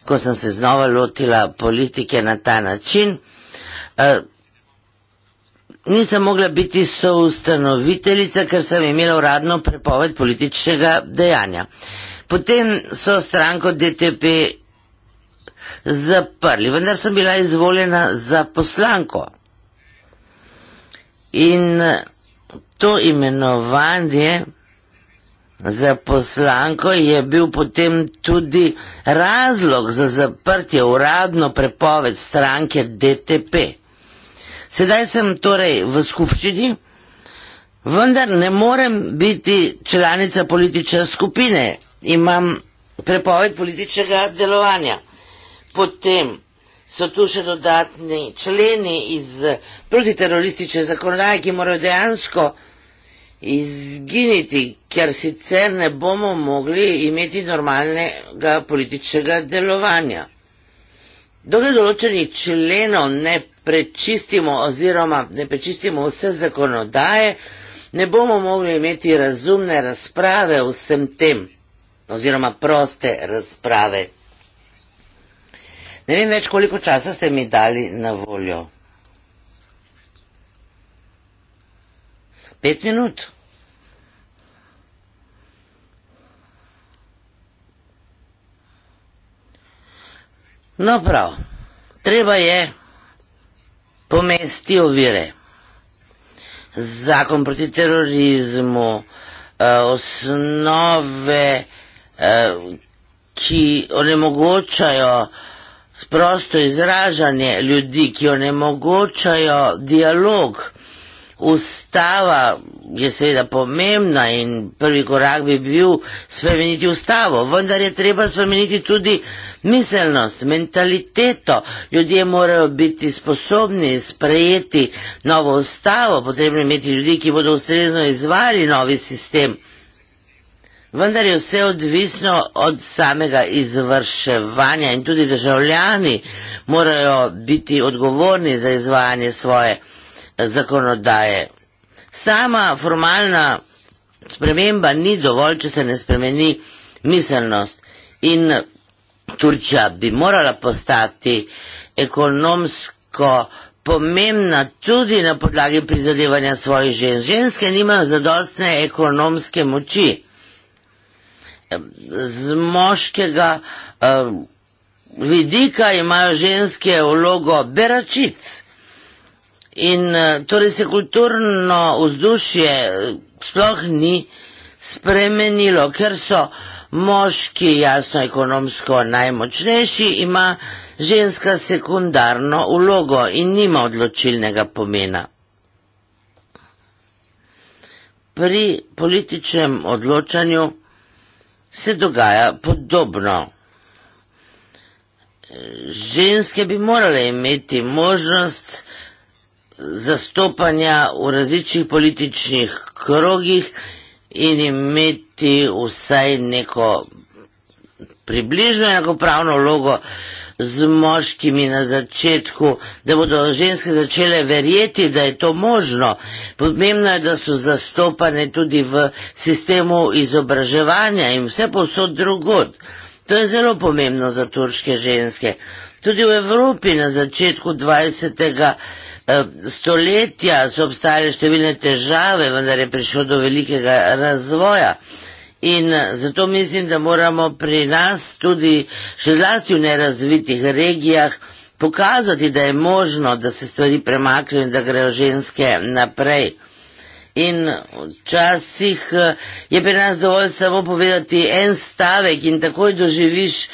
ko sem se znova lotila politike na ta način, uh, Nisem mogla biti soustanoviteljica, ker sem imela uradno prepoved političnega dejanja. Potem so stranko DTP zaprli, vendar sem bila izvoljena za poslanko. In to imenovanje za poslanko je bil potem tudi razlog za zaprtje uradno prepoved stranke DTP. Sedaj sem torej v skupščini, vendar ne morem biti članica politične skupine. Imam prepoved političnega delovanja. Potem so tu še dodatni členi iz protiteroristične zakonodaje, ki morajo dejansko izginiti, ker sicer ne bomo mogli imeti normalnega političnega delovanja. Dokaj določeni členov ne prečistimo oziroma ne prečistimo vse zakonodaje, ne bomo mogli imeti razumne razprave o vsem tem oziroma proste razprave. Ne vem več, koliko časa ste mi dali na voljo. Pet minut. No prav, treba je pomesti ovire. Zakon proti terorizmu, eh, osnove, eh, ki onemogočajo prosto izražanje ljudi, ki onemogočajo dialog. Ustava je seveda pomembna in prvi korak bi bil spremeniti ustavo, vendar je treba spremeniti tudi miselnost, mentaliteto. Ljudje morajo biti sposobni sprejeti novo ustavo, potrebno je imeti ljudi, ki bodo ustrezno izvali novi sistem. Vendar je vse odvisno od samega izvrševanja in tudi državljani morajo biti odgovorni za izvajanje svoje ustave zakonodaje. Sama formalna sprememba ni dovolj, če se ne spremeni miselnost. In Turčja bi morala postati ekonomsko pomembna tudi na podlagi prizadevanja svojih žen. Ženske nimajo zadostne ekonomske moči. Z moškega uh, vidika imajo ženske vlogo beračic. In eh, torej se kulturno vzdušje eh, sploh ni spremenilo, ker so moški jasno ekonomsko najmočnejši, ima ženska sekundarno ulogo in nima odločilnega pomena. Pri političnem odločanju se dogaja podobno. Eh, ženske bi morale imeti možnost, zastopanja v različnih političnih krogih in imeti vsaj neko približno enakopravno vlogo z moškimi na začetku, da bodo ženske začele verjeti, da je to možno. Pomembno je, da so zastopane tudi v sistemu izobraževanja in vse povsod drugod. To je zelo pomembno za turške ženske. Tudi v Evropi na začetku 20. stoletja Eh, stoletja so obstajale številne težave, vendar je prišlo do velikega razvoja. In eh, zato mislim, da moramo pri nas tudi, še zlasti v nerazvitih regijah, pokazati, da je možno, da se stvari premaknejo in da grejo ženske naprej. In včasih eh, je pri nas dovolj samo povedati en stavek in takoj doživiš eh,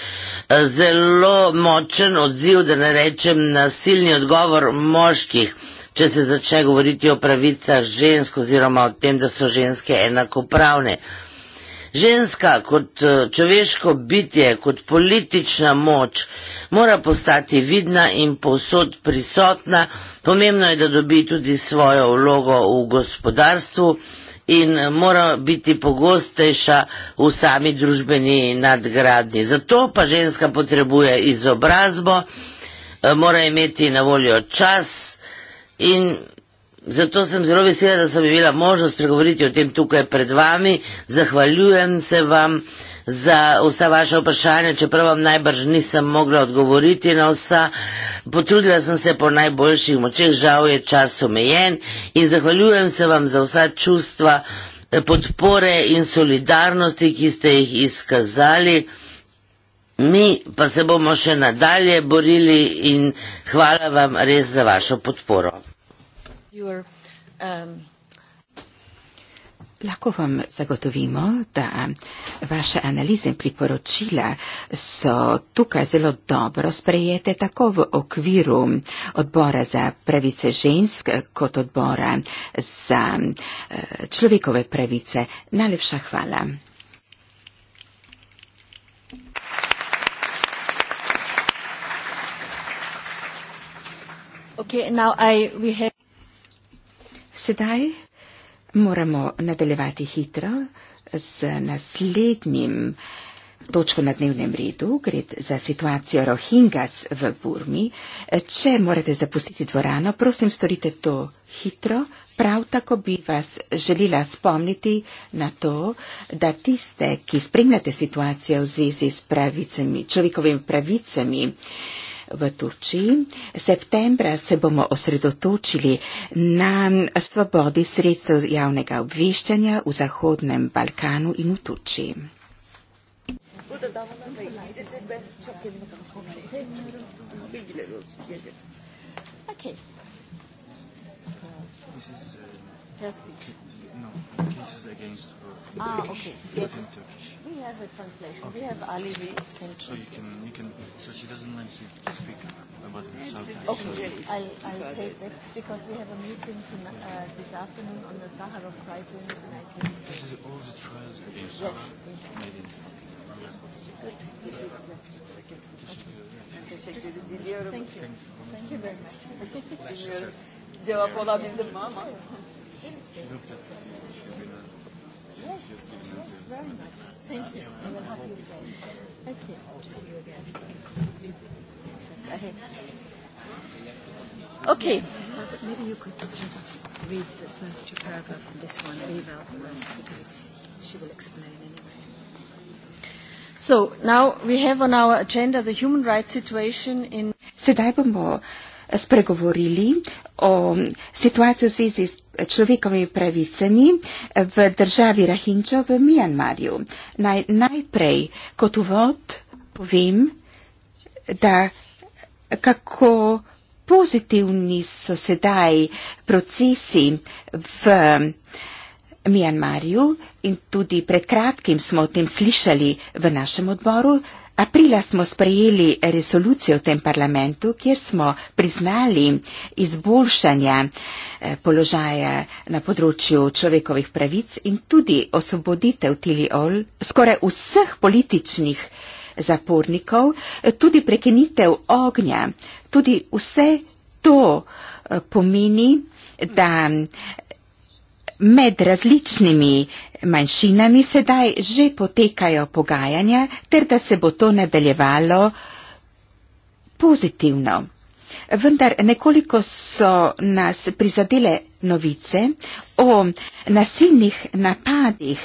zelo močen odziv, da ne rečem nasilni odgovor moških, če se začne govoriti o pravicah žensk oziroma o tem, da so ženske enakopravne. Ženska kot eh, človeško bitje, kot politična moč mora postati vidna in povsod prisotna. Pomembno je, da dobi tudi svojo vlogo v gospodarstvu in eh, mora biti pogostejša v sami družbeni nadgradni. Zato pa ženska potrebuje izobrazbo, eh, mora imeti na voljo čas in Zato sem zelo vesela, da sem imela možnost pregovoriti o tem tukaj pred vami. Zahvaljujem se vam za vsa vaša vprašanja, čeprav vam najbrž nisem mogla odgovoriti na vsa. Potrudila sem se po najboljših močeh, žal je čas omejen in zahvaljujem se vam za vsa čustva podpore in solidarnosti, ki ste jih izkazali. Mi pa se bomo še nadalje borili in hvala vam res za vašo podporo.
Um,
Lahko vam zagotovimo, da vaše analize in priporočila so tukaj zelo dobro sprejete, tako v okviru odbora za pravice žensk, kot odbora za eh, človekove pravice. Najlepša hvala.
Okay, Sedaj
moramo nadaljevati hitro z naslednjim točko na dnevnem redu, gre za situacijo Rohingas v Burmi. Če morate zapustiti dvorano, prosim, storite to hitro. Prav tako bi vas želela spomniti na to, da tiste, ki spremljate situacijo v zvezi s pravicami, človekovimi pravicami, v Turčiji. Septembra se bomo osredotočili na svobodi sredstev javnega obveščanja v Zahodnem Balkanu in v Turčiji.
Okay. Uh, this is, uh,
no, cases against
uh, ah, okay. yes have a translation. Okay. We have Ali. We can so you can, you can. So she doesn't like to speak about the subject. Okay. So I'll, I'll say that because we have a meeting to, uh, this afternoon on the Sahara crisis. And I can this is
all the trials in Sahara.
Yes. Made in yes. Good. Thank you. Thank you very much. Cevap olabildim mi ama? Okay. Maybe you could just read the first two paragraphs from this one, leave out the rest because
she will explain anyway.
So now we have on our agenda the human rights situation in.
Sedaj bomo spregovorili o situaciji v zvezi s človekovimi pravicami v državi Rahinčo v Mjanmarju. Naj, najprej kot uvod povem, da kako pozitivni so sedaj procesi v Mjanmarju in tudi pred kratkim smo o tem slišali v našem odboru, Aprila smo sprejeli resolucijo v tem parlamentu, kjer smo priznali izboljšanje eh, položaja na področju človekovih pravic in tudi osvoboditev Tili Ol skoraj vseh političnih zapornikov, eh, tudi prekenitev ognja. Tudi vse to eh, pomeni, da Med različnimi manjšinami sedaj že potekajo pogajanja, ter da se bo to nadaljevalo pozitivno. Vendar nekoliko so nas prizadele novice o nasilnih napadih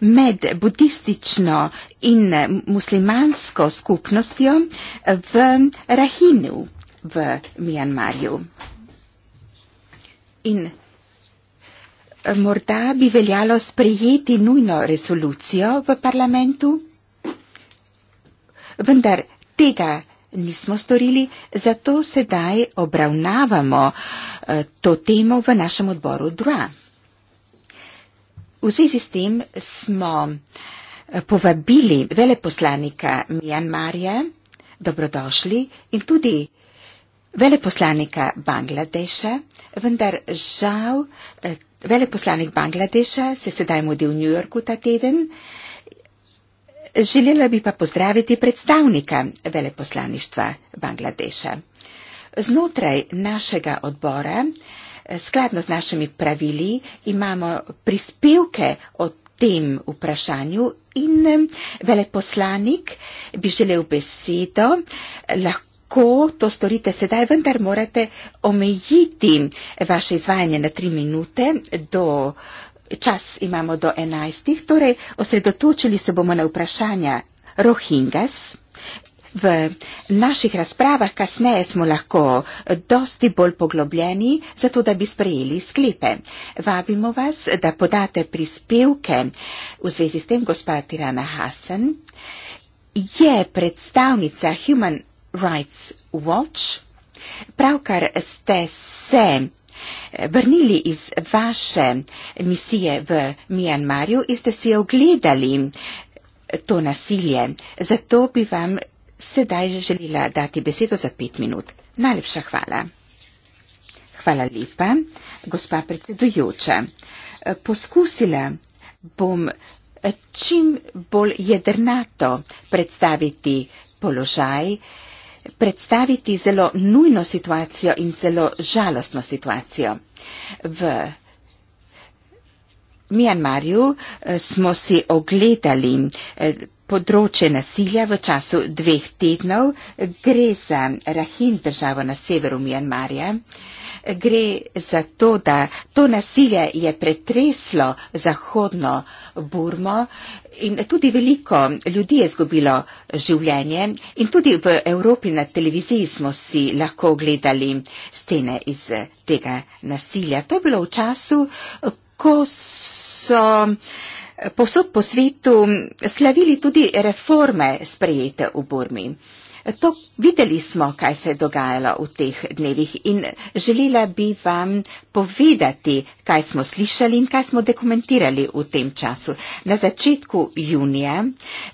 med budistično in muslimansko skupnostjo v Rahinu v Mjanmarju. In morda bi veljalo sprejeti nujno resolucijo v parlamentu? Vendar tega nismo storili, zato sedaj obravnavamo eh, to temo v našem odboru Drua. V zvezi s tem smo eh, povabili veleposlanika Mjanmarja, dobrodošli, in tudi veleposlanika Bangladeša, vendar žal eh, Veleposlanik Bangladeša se sedaj mudi v New Yorku ta teden. Želela bi pa pozdraviti predstavnika veleposlaništva Bangladeša. Znotraj našega odbora, skladno z našimi pravili, imamo prispevke o tem vprašanju in veleposlanik bi želel besedo, lahko lahko to storite sedaj, vendar morate omejiti vaše izvajanje na tri minute do. Čas imamo do enajstih, torej osredotočili se bomo na vprašanja Rohingas. V naših razpravah kasneje smo lahko dosti bolj poglobljeni, zato da bi sprejeli sklepe. Vabimo vas, da podate prispevke v zvezi s tem, gospa Tirana Hasen. Je predstavnica Human Rights Watch. Pravkar ste se eh, vrnili iz vaše misije v Mjanmarju in ste si ogledali eh, to nasilje. Zato bi vam sedaj želela dati besedo za pet minut. Najlepša hvala. Hvala lepa, gospa predsedujoča. Eh, poskusila bom čim bolj jedrnato predstaviti položaj, predstaviti zelo nujno situacijo in zelo žalostno situacijo. V Mjanmarju eh, smo si ogledali eh, področje nasilja v času dveh tednov. Gre za Rahin državo na severu Mjanmarja. Gre za to, da to nasilje je pretreslo zahodno Burmo in tudi veliko ljudi je izgubilo življenje in tudi v Evropi na televiziji smo si lahko gledali scene iz tega nasilja. To je bilo v času, ko so eh, posod po svetu slavili tudi reforme sprejete v Burmi. E, to videli smo, kaj se je dogajalo v teh dnevih in želela bi vam povedati, kaj smo slišali in kaj smo dokumentirali v tem času. Na začetku junija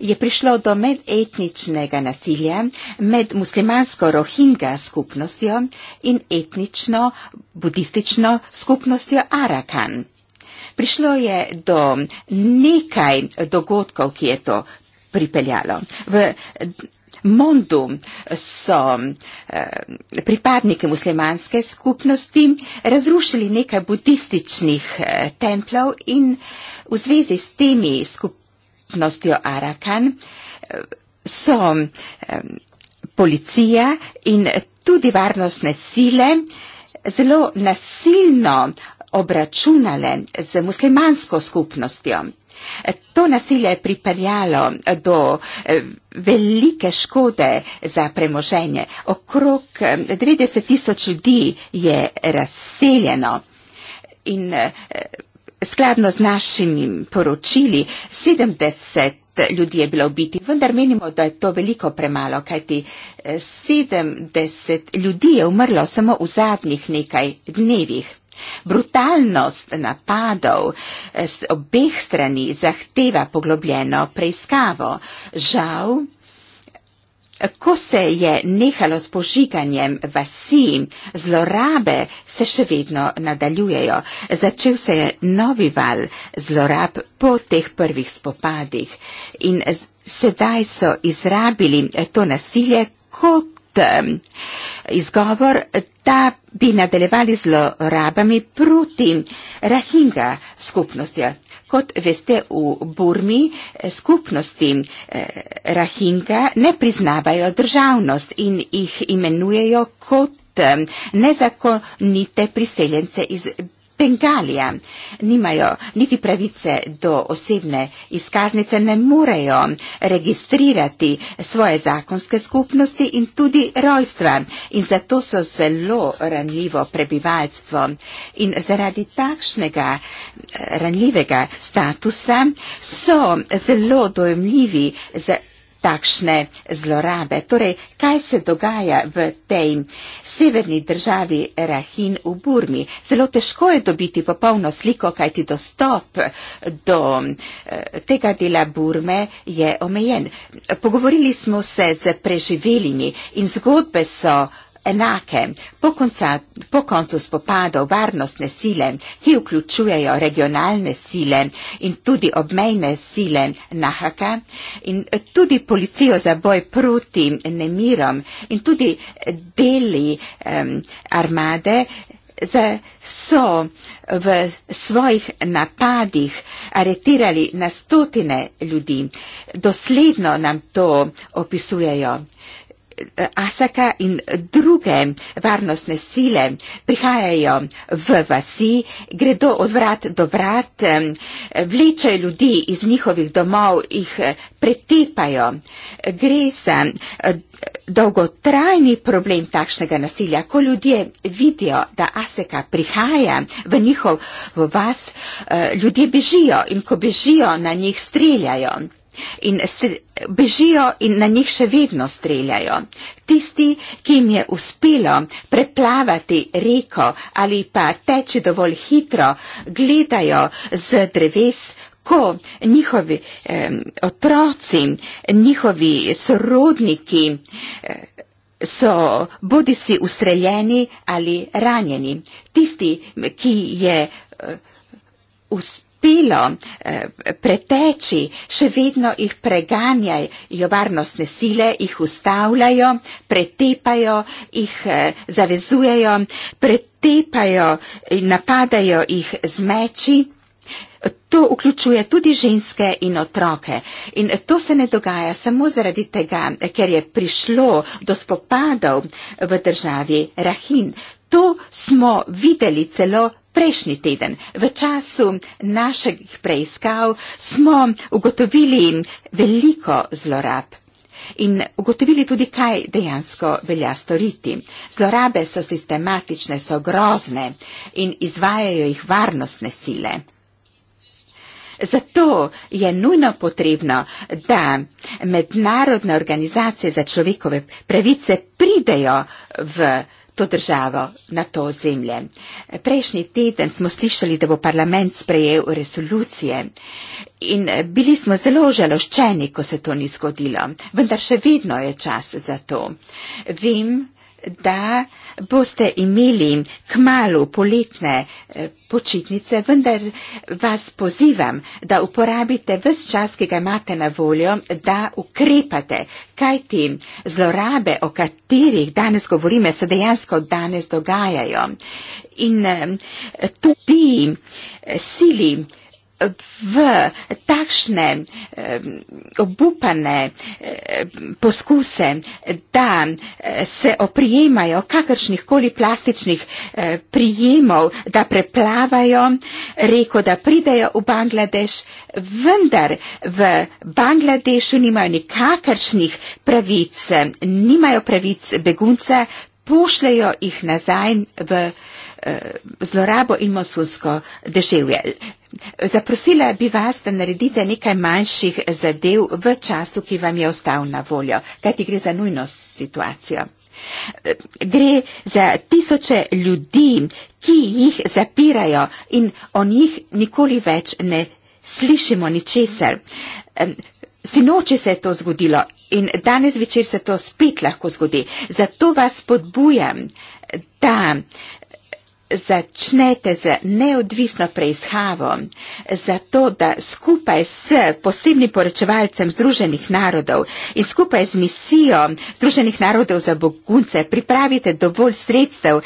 je prišlo do medetničnega nasilja med muslimansko rohinga skupnostjo in etnično budistično skupnostjo Arakan. Prišlo je do nekaj dogodkov, ki je to pripeljalo. V Mondu so eh, pripadniki muslimanske skupnosti razrušili nekaj budističnih eh, templov in v zvezi s temi skupnostjo Arakan eh, so policija in tudi varnostne sile zelo nasilno obračunale z muslimansko skupnostjo. To nasilje je pripeljalo eh, do eh, velike škode za premoženje. Okrog 90 eh, tisoč ljudi je razseljeno in skladno z našimi poročili 70 ljudi je bilo ubiti. Vendar menimo, da je to veliko premalo, kajti 70 ljudi je umrlo samo v zadnjih nekaj dnevih. Brutalnost napadov z eh, obeh strani zahteva poglobljeno preiskavo. Žal, ko se je nehalo s požiganjem vasi, zlorabe se še vedno nadaljujejo. Začel se je novi val zlorab po teh prvih spopadih in sedaj so izrabili to nasilje kot izgovor, da bi nadaljevali z zlorabami proti Rahinga skupnostjo. Kot veste, v Burmi skupnosti Rahinga ne priznavajo državnost in jih imenujejo kot nezakonite priseljence iz Burmi. Bengalija nimajo niti pravice do osebne izkaznice, ne morejo registrirati svoje zakonske skupnosti in tudi rojstva. In zato so zelo ranljivo prebivalstvo. In zaradi takšnega eh, ranljivega statusa so zelo dojemljivi za takšne zlorabe. Torej, kaj se dogaja v tej severni državi Rahin v Burmi? Zelo težko je dobiti popolno sliko, kajti dostop do eh, tega dela Burme je omejen. Pogovorili smo se z preživelimi in zgodbe so enake. Po, konca, po koncu spopadov varnostne sile, ki vključujejo regionalne sile in tudi obmejne sile Nahaka in tudi policijo za boj proti nemirom in tudi deli um, armade, za, so v svojih napadih aretirali na stotine ljudi. Dosledno nam to opisujejo. Asaka in druge varnostne sile prihajajo v vasi, gredo od vrat do vrat, vlečajo ljudi iz njihovih domov, jih eh, pretepajo. Gre za eh, dolgotrajni problem takšnega nasilja, ko ljudje vidijo, da Asaka prihaja v njihov v vas, eh, ljudje bežijo in ko bežijo, na njih streljajo in bežijo in na njih še vedno streljajo. Tisti, ki jim je uspelo preplavati reko ali pa teči dovolj hitro, gledajo z dreves, ko njihovi eh, otroci, njihovi sorodniki eh, so bodi si ustreljeni ali ranjeni. Tisti, ki je eh, uspel pilo, eh, preteči, še vedno jih preganjaj, jo varnostne sile jih ustavljajo, pretepajo, jih eh, zavezujejo, pretepajo, napadajo jih z meči. To vključuje tudi ženske in otroke. In to se ne dogaja samo zaradi tega, ker je prišlo do spopadov v državi Rahin. To smo videli celo prejšnji teden, v času naših preiskav, smo ugotovili veliko zlorab. In ugotovili tudi, kaj dejansko velja storiti. Zlorabe so sistematične, so grozne in izvajajo jih varnostne sile. Zato je nujno potrebno, da mednarodne organizacije za človekove pravice pridejo v to državo na to zemlje. Prejšnji teden smo slišali, da bo parlament sprejel resolucije in bili smo zelo žaloščeni, ko se to ni zgodilo, vendar še vedno je čas za to. Vem, da boste imeli k malu poletne eh, počitnice, vendar vas pozivam, da uporabite vse čas, ki ga imate na voljo, da ukrepate, kaj ti zlorabe, o katerih danes govorime, se dejansko danes dogajajo. In eh, tudi sili, v takšne obupane poskuse, da se oprijemajo kakršnih koli plastičnih prijemov, da preplavajo reko, da pridejo v Bangladeš, vendar v Bangladešu nimajo nikakršnih pravic, nimajo pravic begunca, pošljajo jih nazaj v zlorabo in mosulsko deževje. Zaprosila bi vas, da naredite nekaj manjših zadev v času, ki vam je ostal na voljo, kajti gre za nujno situacijo. Gre za tisoče ljudi, ki jih zapirajo in o njih nikoli več ne slišimo ničesar. Sinoči se je to zgodilo in danes večer se to spet lahko zgodi. Zato vas podbujam, da začnete z neodvisno preizhavo, zato da skupaj s posebnim poročevalcem Združenih narodov in skupaj z misijo Združenih narodov za bogunce pripravite dovolj sredstev,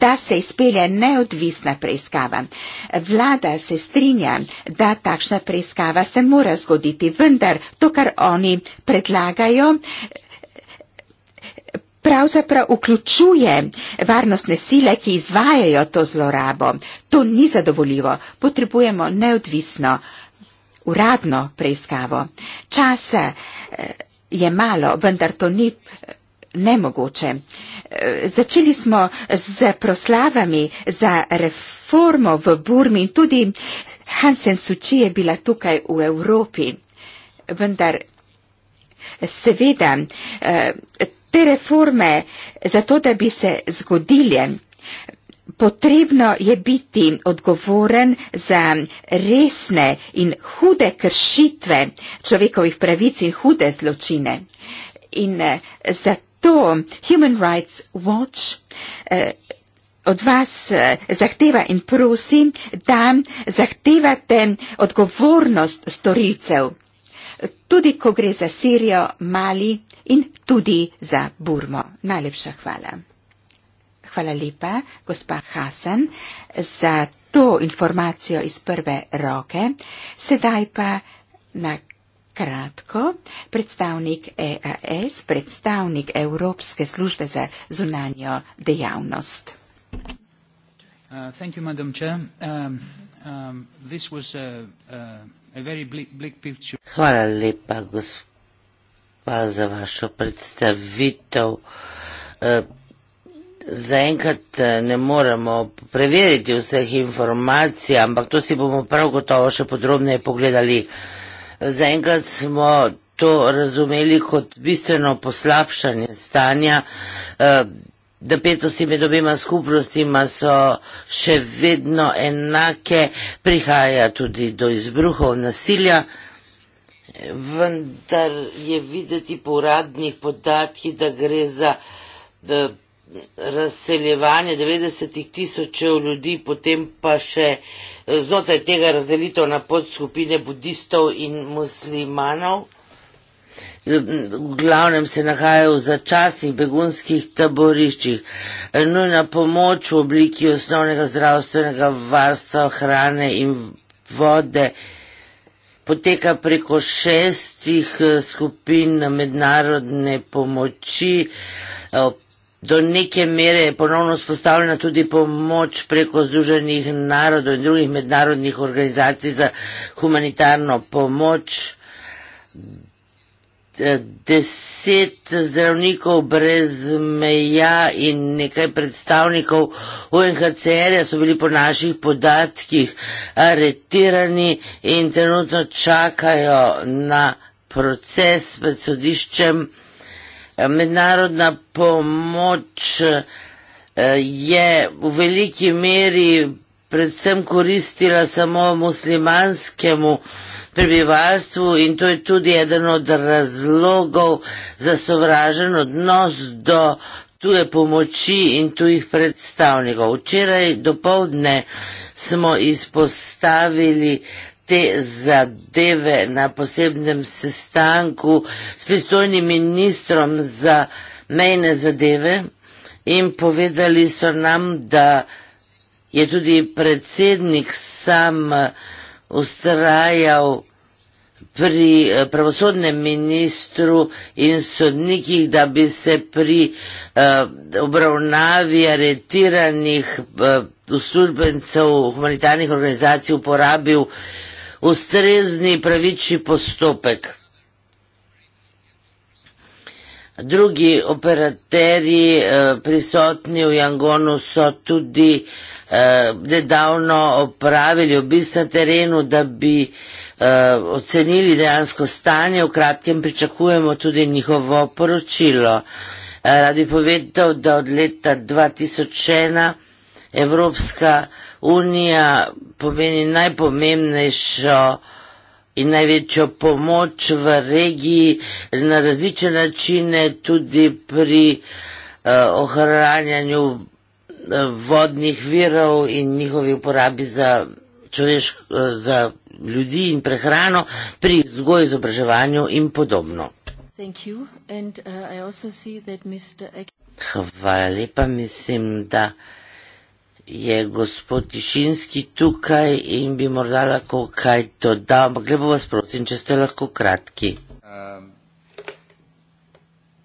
da se izpelje neodvisna preizkava. Vlada se strinja, da takšna preizkava se mora zgoditi, vendar to, kar oni predlagajo, pravzaprav vključuje varnostne sile, ki izvajajo to zlorabo. To ni zadovoljivo. Potrebujemo neodvisno, uradno preiskavo. Časa eh, je malo, vendar to ni. Eh, nemogoče. Eh, začeli smo z proslavami za reformo v Burmi in tudi Hansen Suči je bila tukaj v Evropi. Vendar, seveda, te reforme, zato da bi se zgodile, potrebno je biti odgovoren za resne in hude kršitve človekovih pravic in hude zločine. In eh, zato Human Rights Watch eh, od vas eh, zahteva in prosi, da zahtevate odgovornost storilcev tudi ko gre za Sirijo, Mali in tudi za Burmo. Najlepša hvala. Hvala lepa, gospa Hasan, za to informacijo iz prve roke. Sedaj pa na kratko predstavnik EAS, predstavnik Evropske službe za zunanjo dejavnost.
Uh, thank you, Madam Chair. Um, um, this was a, a Hvala lepa, gospa, za vašo predstavitev. E, zaenkrat e, ne moremo preveriti vseh informacij, ampak to si bomo prav gotovo še podrobneje pogledali. Zaenkrat smo to razumeli kot bistveno poslabšanje stanja. E, napetosti med obema skupnostima so še vedno enake, prihaja tudi do izbruhov nasilja, vendar je videti po uradnih podatkih, da gre za razseljevanje 90 tisočev ljudi, potem pa še eh, znotraj tega razdelitev na podskupine budistov in muslimanov v glavnem se nahajajo v začasnih begunskih taboriščih. Nujna pomoč v obliki osnovnega zdravstvenega varstva, hrane in vode poteka preko šestih eh, skupin mednarodne pomoči. Eh, do neke mere je ponovno spostavljena tudi pomoč preko Združenih narodov in drugih mednarodnih organizacij za humanitarno pomoč deset zdravnikov brez meja in nekaj predstavnikov UNHCR-ja so bili po naših podatkih aretirani in trenutno čakajo na proces pred sodiščem. Mednarodna pomoč eh, je v veliki meri predvsem koristila samo muslimanskemu prebivalstvu in to je tudi eden od razlogov za sovražen odnos do tuje pomoči in tujih predstavnikov. Včeraj do povdne smo izpostavili te zadeve na posebnem sestanku s pristojnim ministrom za mejne zadeve in povedali so nam, da je tudi predsednik sam vsega, ustrajal pri eh, pravosodnem ministru in sodnikih, da bi se pri eh, obravnavi aretiranih eh, uslužbencev humanitarnih organizacij uporabil ustrezni pravični postopek drugi operaterji eh, prisotni v Jangonu so tudi eh, nedavno opravili obisk na terenu, da bi eh, ocenili dejansko stanje. V kratkem pričakujemo tudi njihovo poročilo. Radi povedal, da od leta 2001 Evropska unija pomeni najpomembnejšo in največjo pomoč v regiji na različne načine, tudi pri uh, ohranjanju eh, vodnih virov in njihovi uporabi za, človeško, eh, za ljudi in prehrano, pri vzgoju, izobraževanju in podobno.
And, uh,
Hvala lepa, mislim, da je gospod Tišinski tukaj in bi morda lahko kaj to dal, ampak lepo vas prosim, če ste lahko kratki. Um,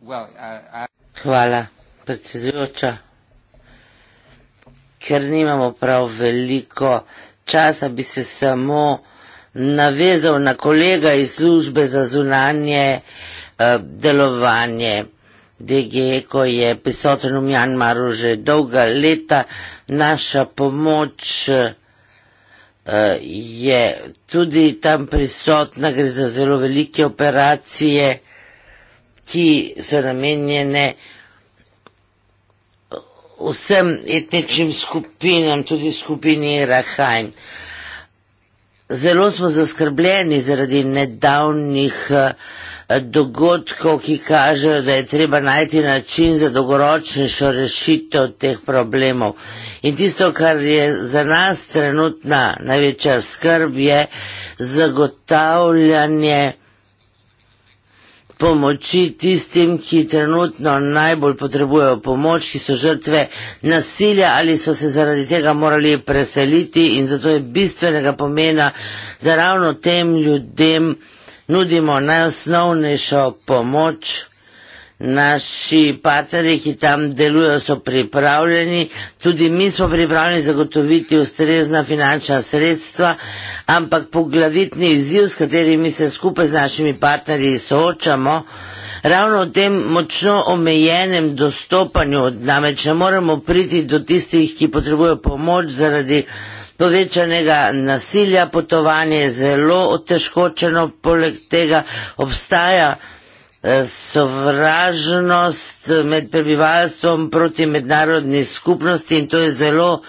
uh, uh, Hvala, predsedujoča. Ker nimamo prav veliko časa, bi se samo navezal na kolega iz službe za zunanje uh, delovanje. DG, e, ko je prisoten v Mjanmaru že dolga leta, naša pomoč eh, je tudi tam prisotna, gre za zelo velike operacije, ki so namenjene vsem etničnim skupinam, tudi skupini Rahajn. Zelo smo zaskrbljeni zaradi nedavnih uh, dogodkov, ki kažejo, da je treba najti način za dolgoročnejšo rešitev teh problemov. In tisto, kar je za nas trenutna največja skrb, je zagotavljanje pomoči tistim, ki trenutno najbolj potrebujejo pomoč, ki so žrtve nasilja ali so se zaradi tega morali preseliti in zato je bistvenega pomena, da ravno tem ljudem nudimo najosnovnejšo pomoč, naši partnerji, ki tam delujejo, so pripravljeni, tudi mi smo pripravljeni zagotoviti ustrezna finančna sredstva, ampak poglavitni izziv, s katerimi se skupaj z našimi partnerji soočamo, Ravno v tem močno omejenem dostopanju, namreč ne moremo priti do tistih, ki potrebujejo pomoč zaradi povečanega nasilja, potovanje je zelo otežkočeno, poleg tega obstaja eh, sovražnost med prebivalstvom proti mednarodni skupnosti in to je zelo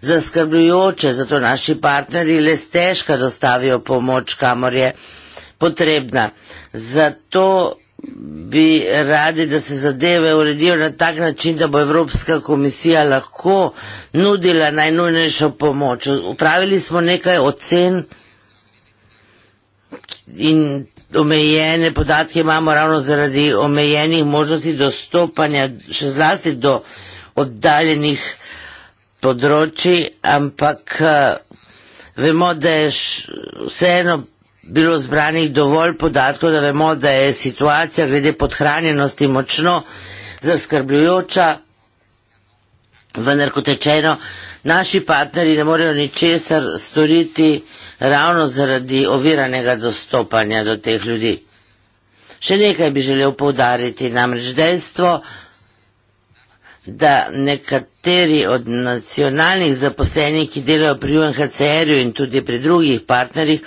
zaskrbljujoče, zato naši partnerji le stežka dostavijo pomoč, kamor je potrebna. Zato bi radi, da se zadeve uredijo na tak način, da bo Evropska komisija lahko nudila najnujnejšo pomoč. Upravili smo nekaj ocen in omejene podatke imamo ravno zaradi omejenih možnosti dostopanja še zlasti do oddaljenih področji, ampak eh, vemo, da je vseeno bilo zbranih dovolj podatkov, da vemo, da je situacija glede podhranjenosti močno zaskrbljujoča, vendar kot rečeno, naši partneri ne morejo ničesar storiti ravno zaradi oviranega dostopanja do teh ljudi. Še nekaj bi želel povdariti, namreč dejstvo, da nekateri od nacionalnih zaposlenih, ki delajo pri UNHCR-ju in tudi pri drugih partnerjih,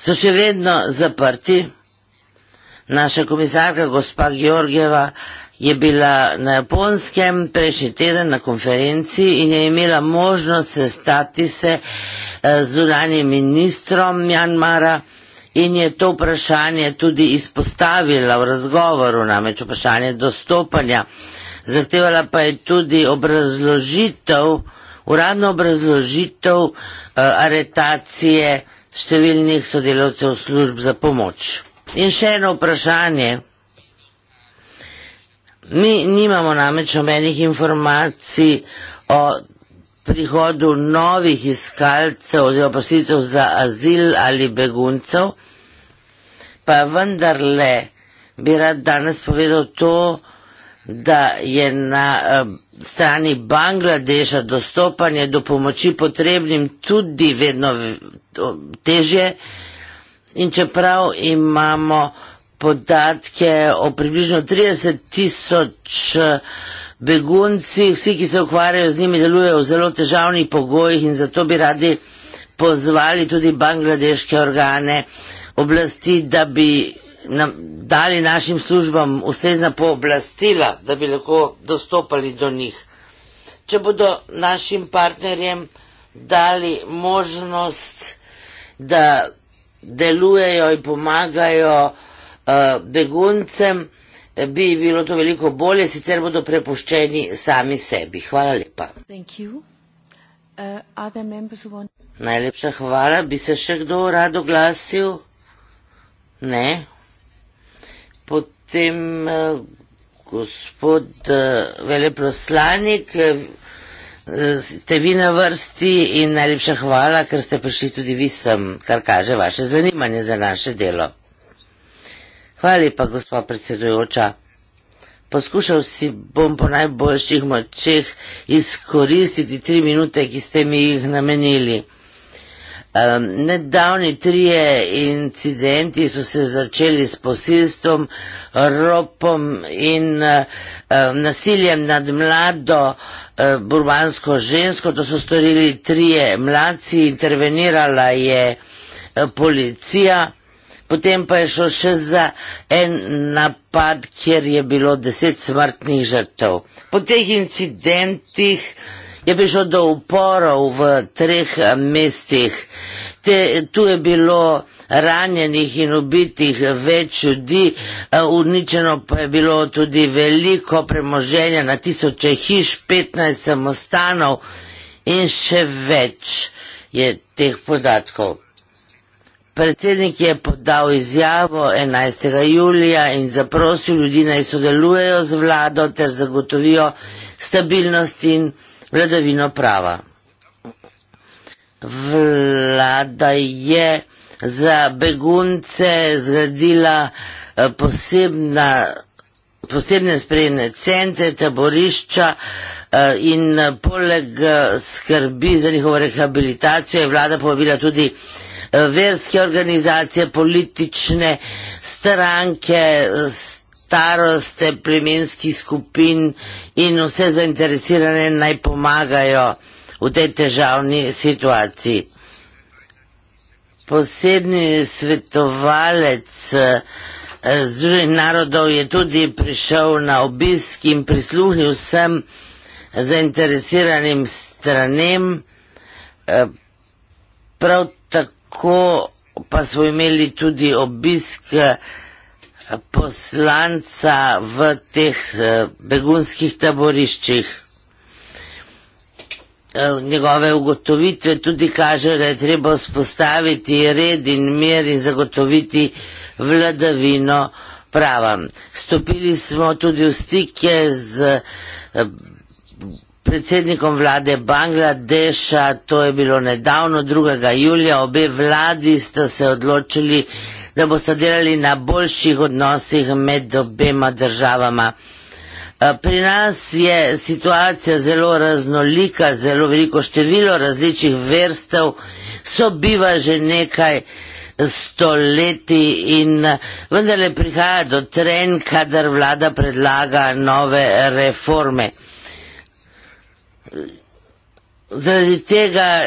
so še vedno zaprti. Naša komisarka, gospa Georgieva, je bila na japonskem prejšnji teden na konferenci in je imela možnost sestati se eh, z zunanjim ministrom Mjanmara in je to vprašanje tudi izpostavila v razgovoru, namreč vprašanje dostopanja. Zahtevala pa je tudi obrazložitev, uradno obrazložitev eh, aretacije številnih sodelovcev služb za pomoč. In še eno vprašanje. Mi nimamo namreč omenih informacij o prihodu novih iskalcev oziroma prositev za azil ali beguncev, pa vendarle bi rad danes povedal to, da je na. Uh, strani Bangladeša dostopanje do pomoči potrebnim tudi vedno težje. In čeprav imamo podatke o približno 30 tisoč eh, begunci, vsi, ki se ukvarjajo z njimi, delujejo v zelo težavnih pogojih in zato bi radi pozvali tudi bangladeške organe oblasti, da bi nam dali našim službam ustrezna pooblastila, da bi lahko dostopali do njih. Če bodo našim partnerjem dali možnost, da delujejo in pomagajo uh, beguncem, eh, bi bilo to veliko bolje, sicer bodo prepuščeni sami sebi. Hvala lepa. Uh, Najlepša hvala. Bi se še kdo rado glasil? Ne potem eh, gospod eh, veleproslanik, eh, ste vi na vrsti in najlepša hvala, ker ste prišli tudi vi sem, kar kaže vaše zanimanje za naše delo. Hvala lepa, gospa predsedujoča. Poskušal si bom po najboljših močeh izkoristiti tri minute, ki ste mi jih namenili. Um, nedavni trije incidenti so se začeli s posilstvom, ropom in um, nasiljem nad mlado um, eh, burbansko žensko. To so storili trije mladci, intervenirala je eh, policija. Potem pa je šlo še za en napad, kjer je bilo deset smrtnih žrtev. Po teh incidentih je prišlo do uporov v treh eh, mestih. Te, tu je bilo ranjenih in ubitih več ljudi, eh, uničeno pa je bilo tudi veliko premoženja, na tisoče hiš, 15 samostanov in še več je teh podatkov. Predsednik je podal izjavo 11. julija in zaprosil ljudi naj sodelujejo z vlado ter zagotovijo stabilnost in vladavino prava. Vlada je za begunce zgradila eh, posebna, posebne sprejemne centre, taborišča eh, in eh, poleg skrbi za njihovo rehabilitacijo je vlada povabila tudi verske organizacije, politične stranke, staroste preminskih skupin in vse zainteresirane naj pomagajo v tej težavni situaciji. Posebni svetovalec eh, Združenih narodov je tudi prišel na obisk in prisluhnil vsem zainteresiranim stranem, eh, prav tako pa smo imeli tudi obisk eh, poslanca v teh eh, begunskih taboriščih. Eh, njegove ugotovitve tudi kaže, da je treba vzpostaviti red in mir in zagotoviti vladavino prava. Stopili smo tudi v stike z eh, predsednikom vlade Bangladeša, to je bilo nedavno 2. julija, obe vladi sta se odločili da boste delali na boljših odnosih med obema državama. Eh, pri nas je situacija zelo raznolika, zelo veliko število različnih vrstev, sobiva že nekaj stoleti in vendarle prihaja do tren, kadar vlada predlaga nove reforme. Zaradi tega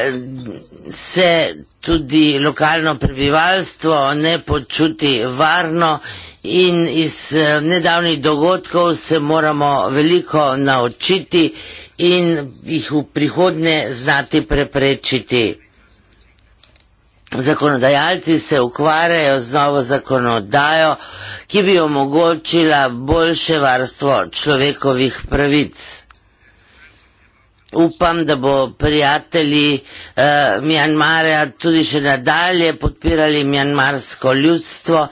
se tudi lokalno prebivalstvo ne počuti varno in iz eh, nedavnih dogodkov se moramo veliko naučiti in jih v prihodnje znati preprečiti. Zakonodajalci se ukvarjajo z novo zakonodajo, ki bi omogočila boljše varstvo človekovih pravic upam, da bo prijatelji eh, Mjanmareja tudi še nadalje podpirali mjanmarsko ljudstvo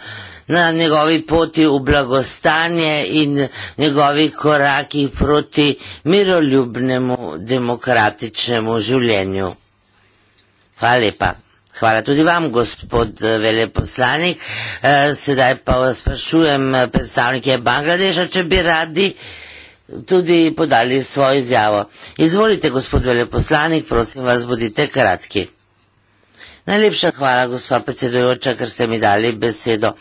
na njegovi poti v blagostanje in njegovih korakih proti miroljubnemu demokratičnemu življenju. Hvala lepa. Hvala tudi vam, gospod eh, veleposlanik. Eh, sedaj pa vas sprašujem eh, predstavnike Bangladeša, če bi radi tudi podali svojo izjavo. Izvolite, gospod veleposlanik, prosim vas, bodite kratki. Najlepša hvala, gospa predsedujoča, ker ste mi dali besedo.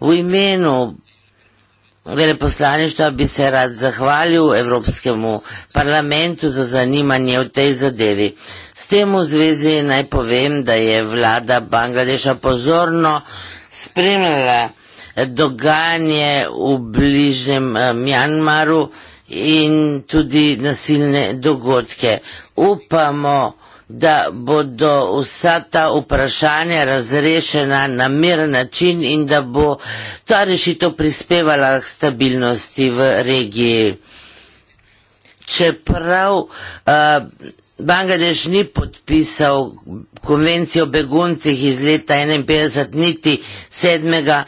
V imenu veleposlaništva bi se rad zahvalil Evropskemu parlamentu za zanimanje v tej zadevi. S tem v zvezi naj povem, da je vlada Bangladeša pozorno spremljala dogajanje v bližnjem eh, Mjanmaru, eh, in tudi nasilne dogodke. Upamo, da bodo vsa ta vprašanja razrešena na mir način in da bo ta rešitev prispevala k stabilnosti v regiji. Čeprav uh, Bangladeš ni podpisal konvencijo o beguncih iz leta 1951, niti 7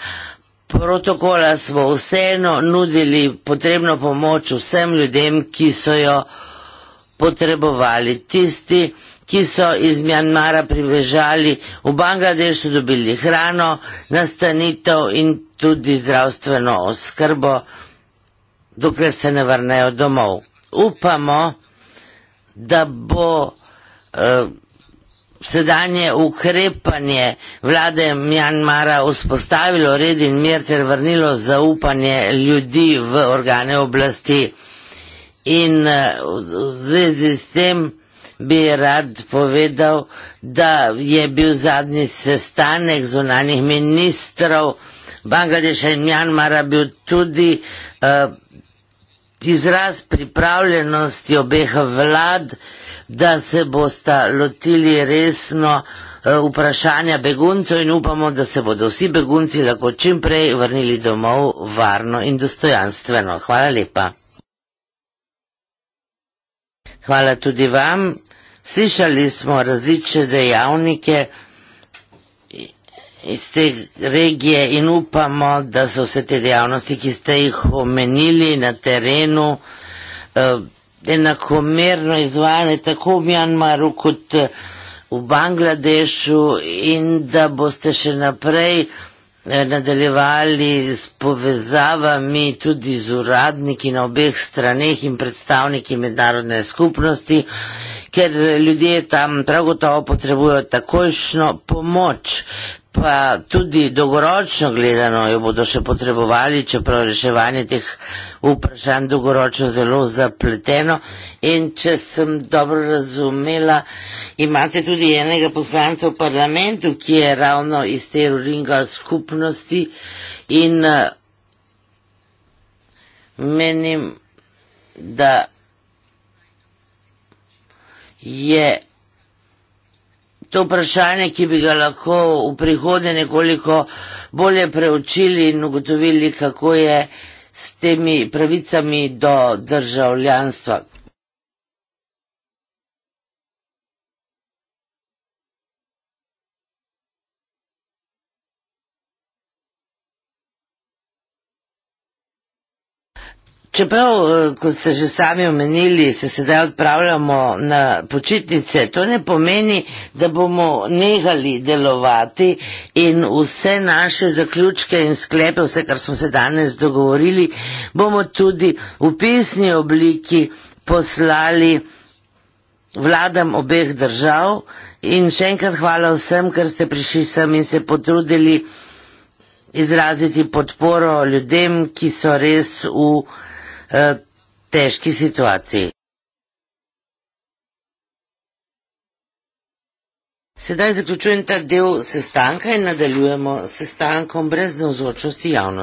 protokola smo vseeno nudili potrebno pomoč vsem ljudem, ki so jo potrebovali. Tisti, ki so iz Mjanmara pribežali v Bangladešu, dobili hrano, nastanitev in tudi zdravstveno oskrbo, dokler se ne vrnejo domov. Upamo, da bo. Uh, sedanje ukrepanje vlade Mjanmara vzpostavilo red in mir ter vrnilo zaupanje ljudi v organe oblasti. In eh, v zvezi s tem bi rad povedal, da je bil zadnji sestanek zunanih ministrov Bangladeša in Mjanmara bil tudi uh, izraz pripravljenosti obeh vlad, uh, da se bosta lotili resno eh, vprašanja beguncev in upamo, da se bodo vsi begunci lahko čimprej vrnili domov varno in dostojanstveno. Hvala lepa. Hvala tudi vam. Slišali smo različne dejavnike iz te regije in upamo, da so vse te dejavnosti, ki ste jih omenili na terenu, eh, enakomerno izvajane tako v Mjanmaru kot eh, v Bangladešu in da boste še naprej eh, nadaljevali s povezavami tudi z uradniki na obeh straneh in predstavniki mednarodne skupnosti, ker eh, ljudje tam prav gotovo potrebujo takojšno pomoč pa tudi dolgoročno gledano jo bodo še potrebovali, čeprav reševanje teh vprašanj dolgoročno zelo zapleteno. In če sem dobro razumela, imate tudi enega poslanca v parlamentu, ki je ravno iz te rulinga skupnosti in eh, menim, da je to vprašanje, ki bi ga lahko v prihodnje nekoliko bolje preučili in ugotovili, kako je s temi pravicami do državljanstva. Čeprav, eh, kot ste že sami omenili, se sedaj odpravljamo na počitnice, to ne pomeni, da bomo nehali delovati in vse naše zaključke in sklepe, vse, kar smo se danes dogovorili, bomo tudi v pisni obliki poslali vladam obeh držav. In še enkrat hvala vsem, ker ste prišli sem in se potrudili izraziti podporo ljudem, ki so res v. Eh, težki situaciji. Sedaj zaključujem ta del sestanka in nadaljujemo sestankom brez navzočnosti javnosti.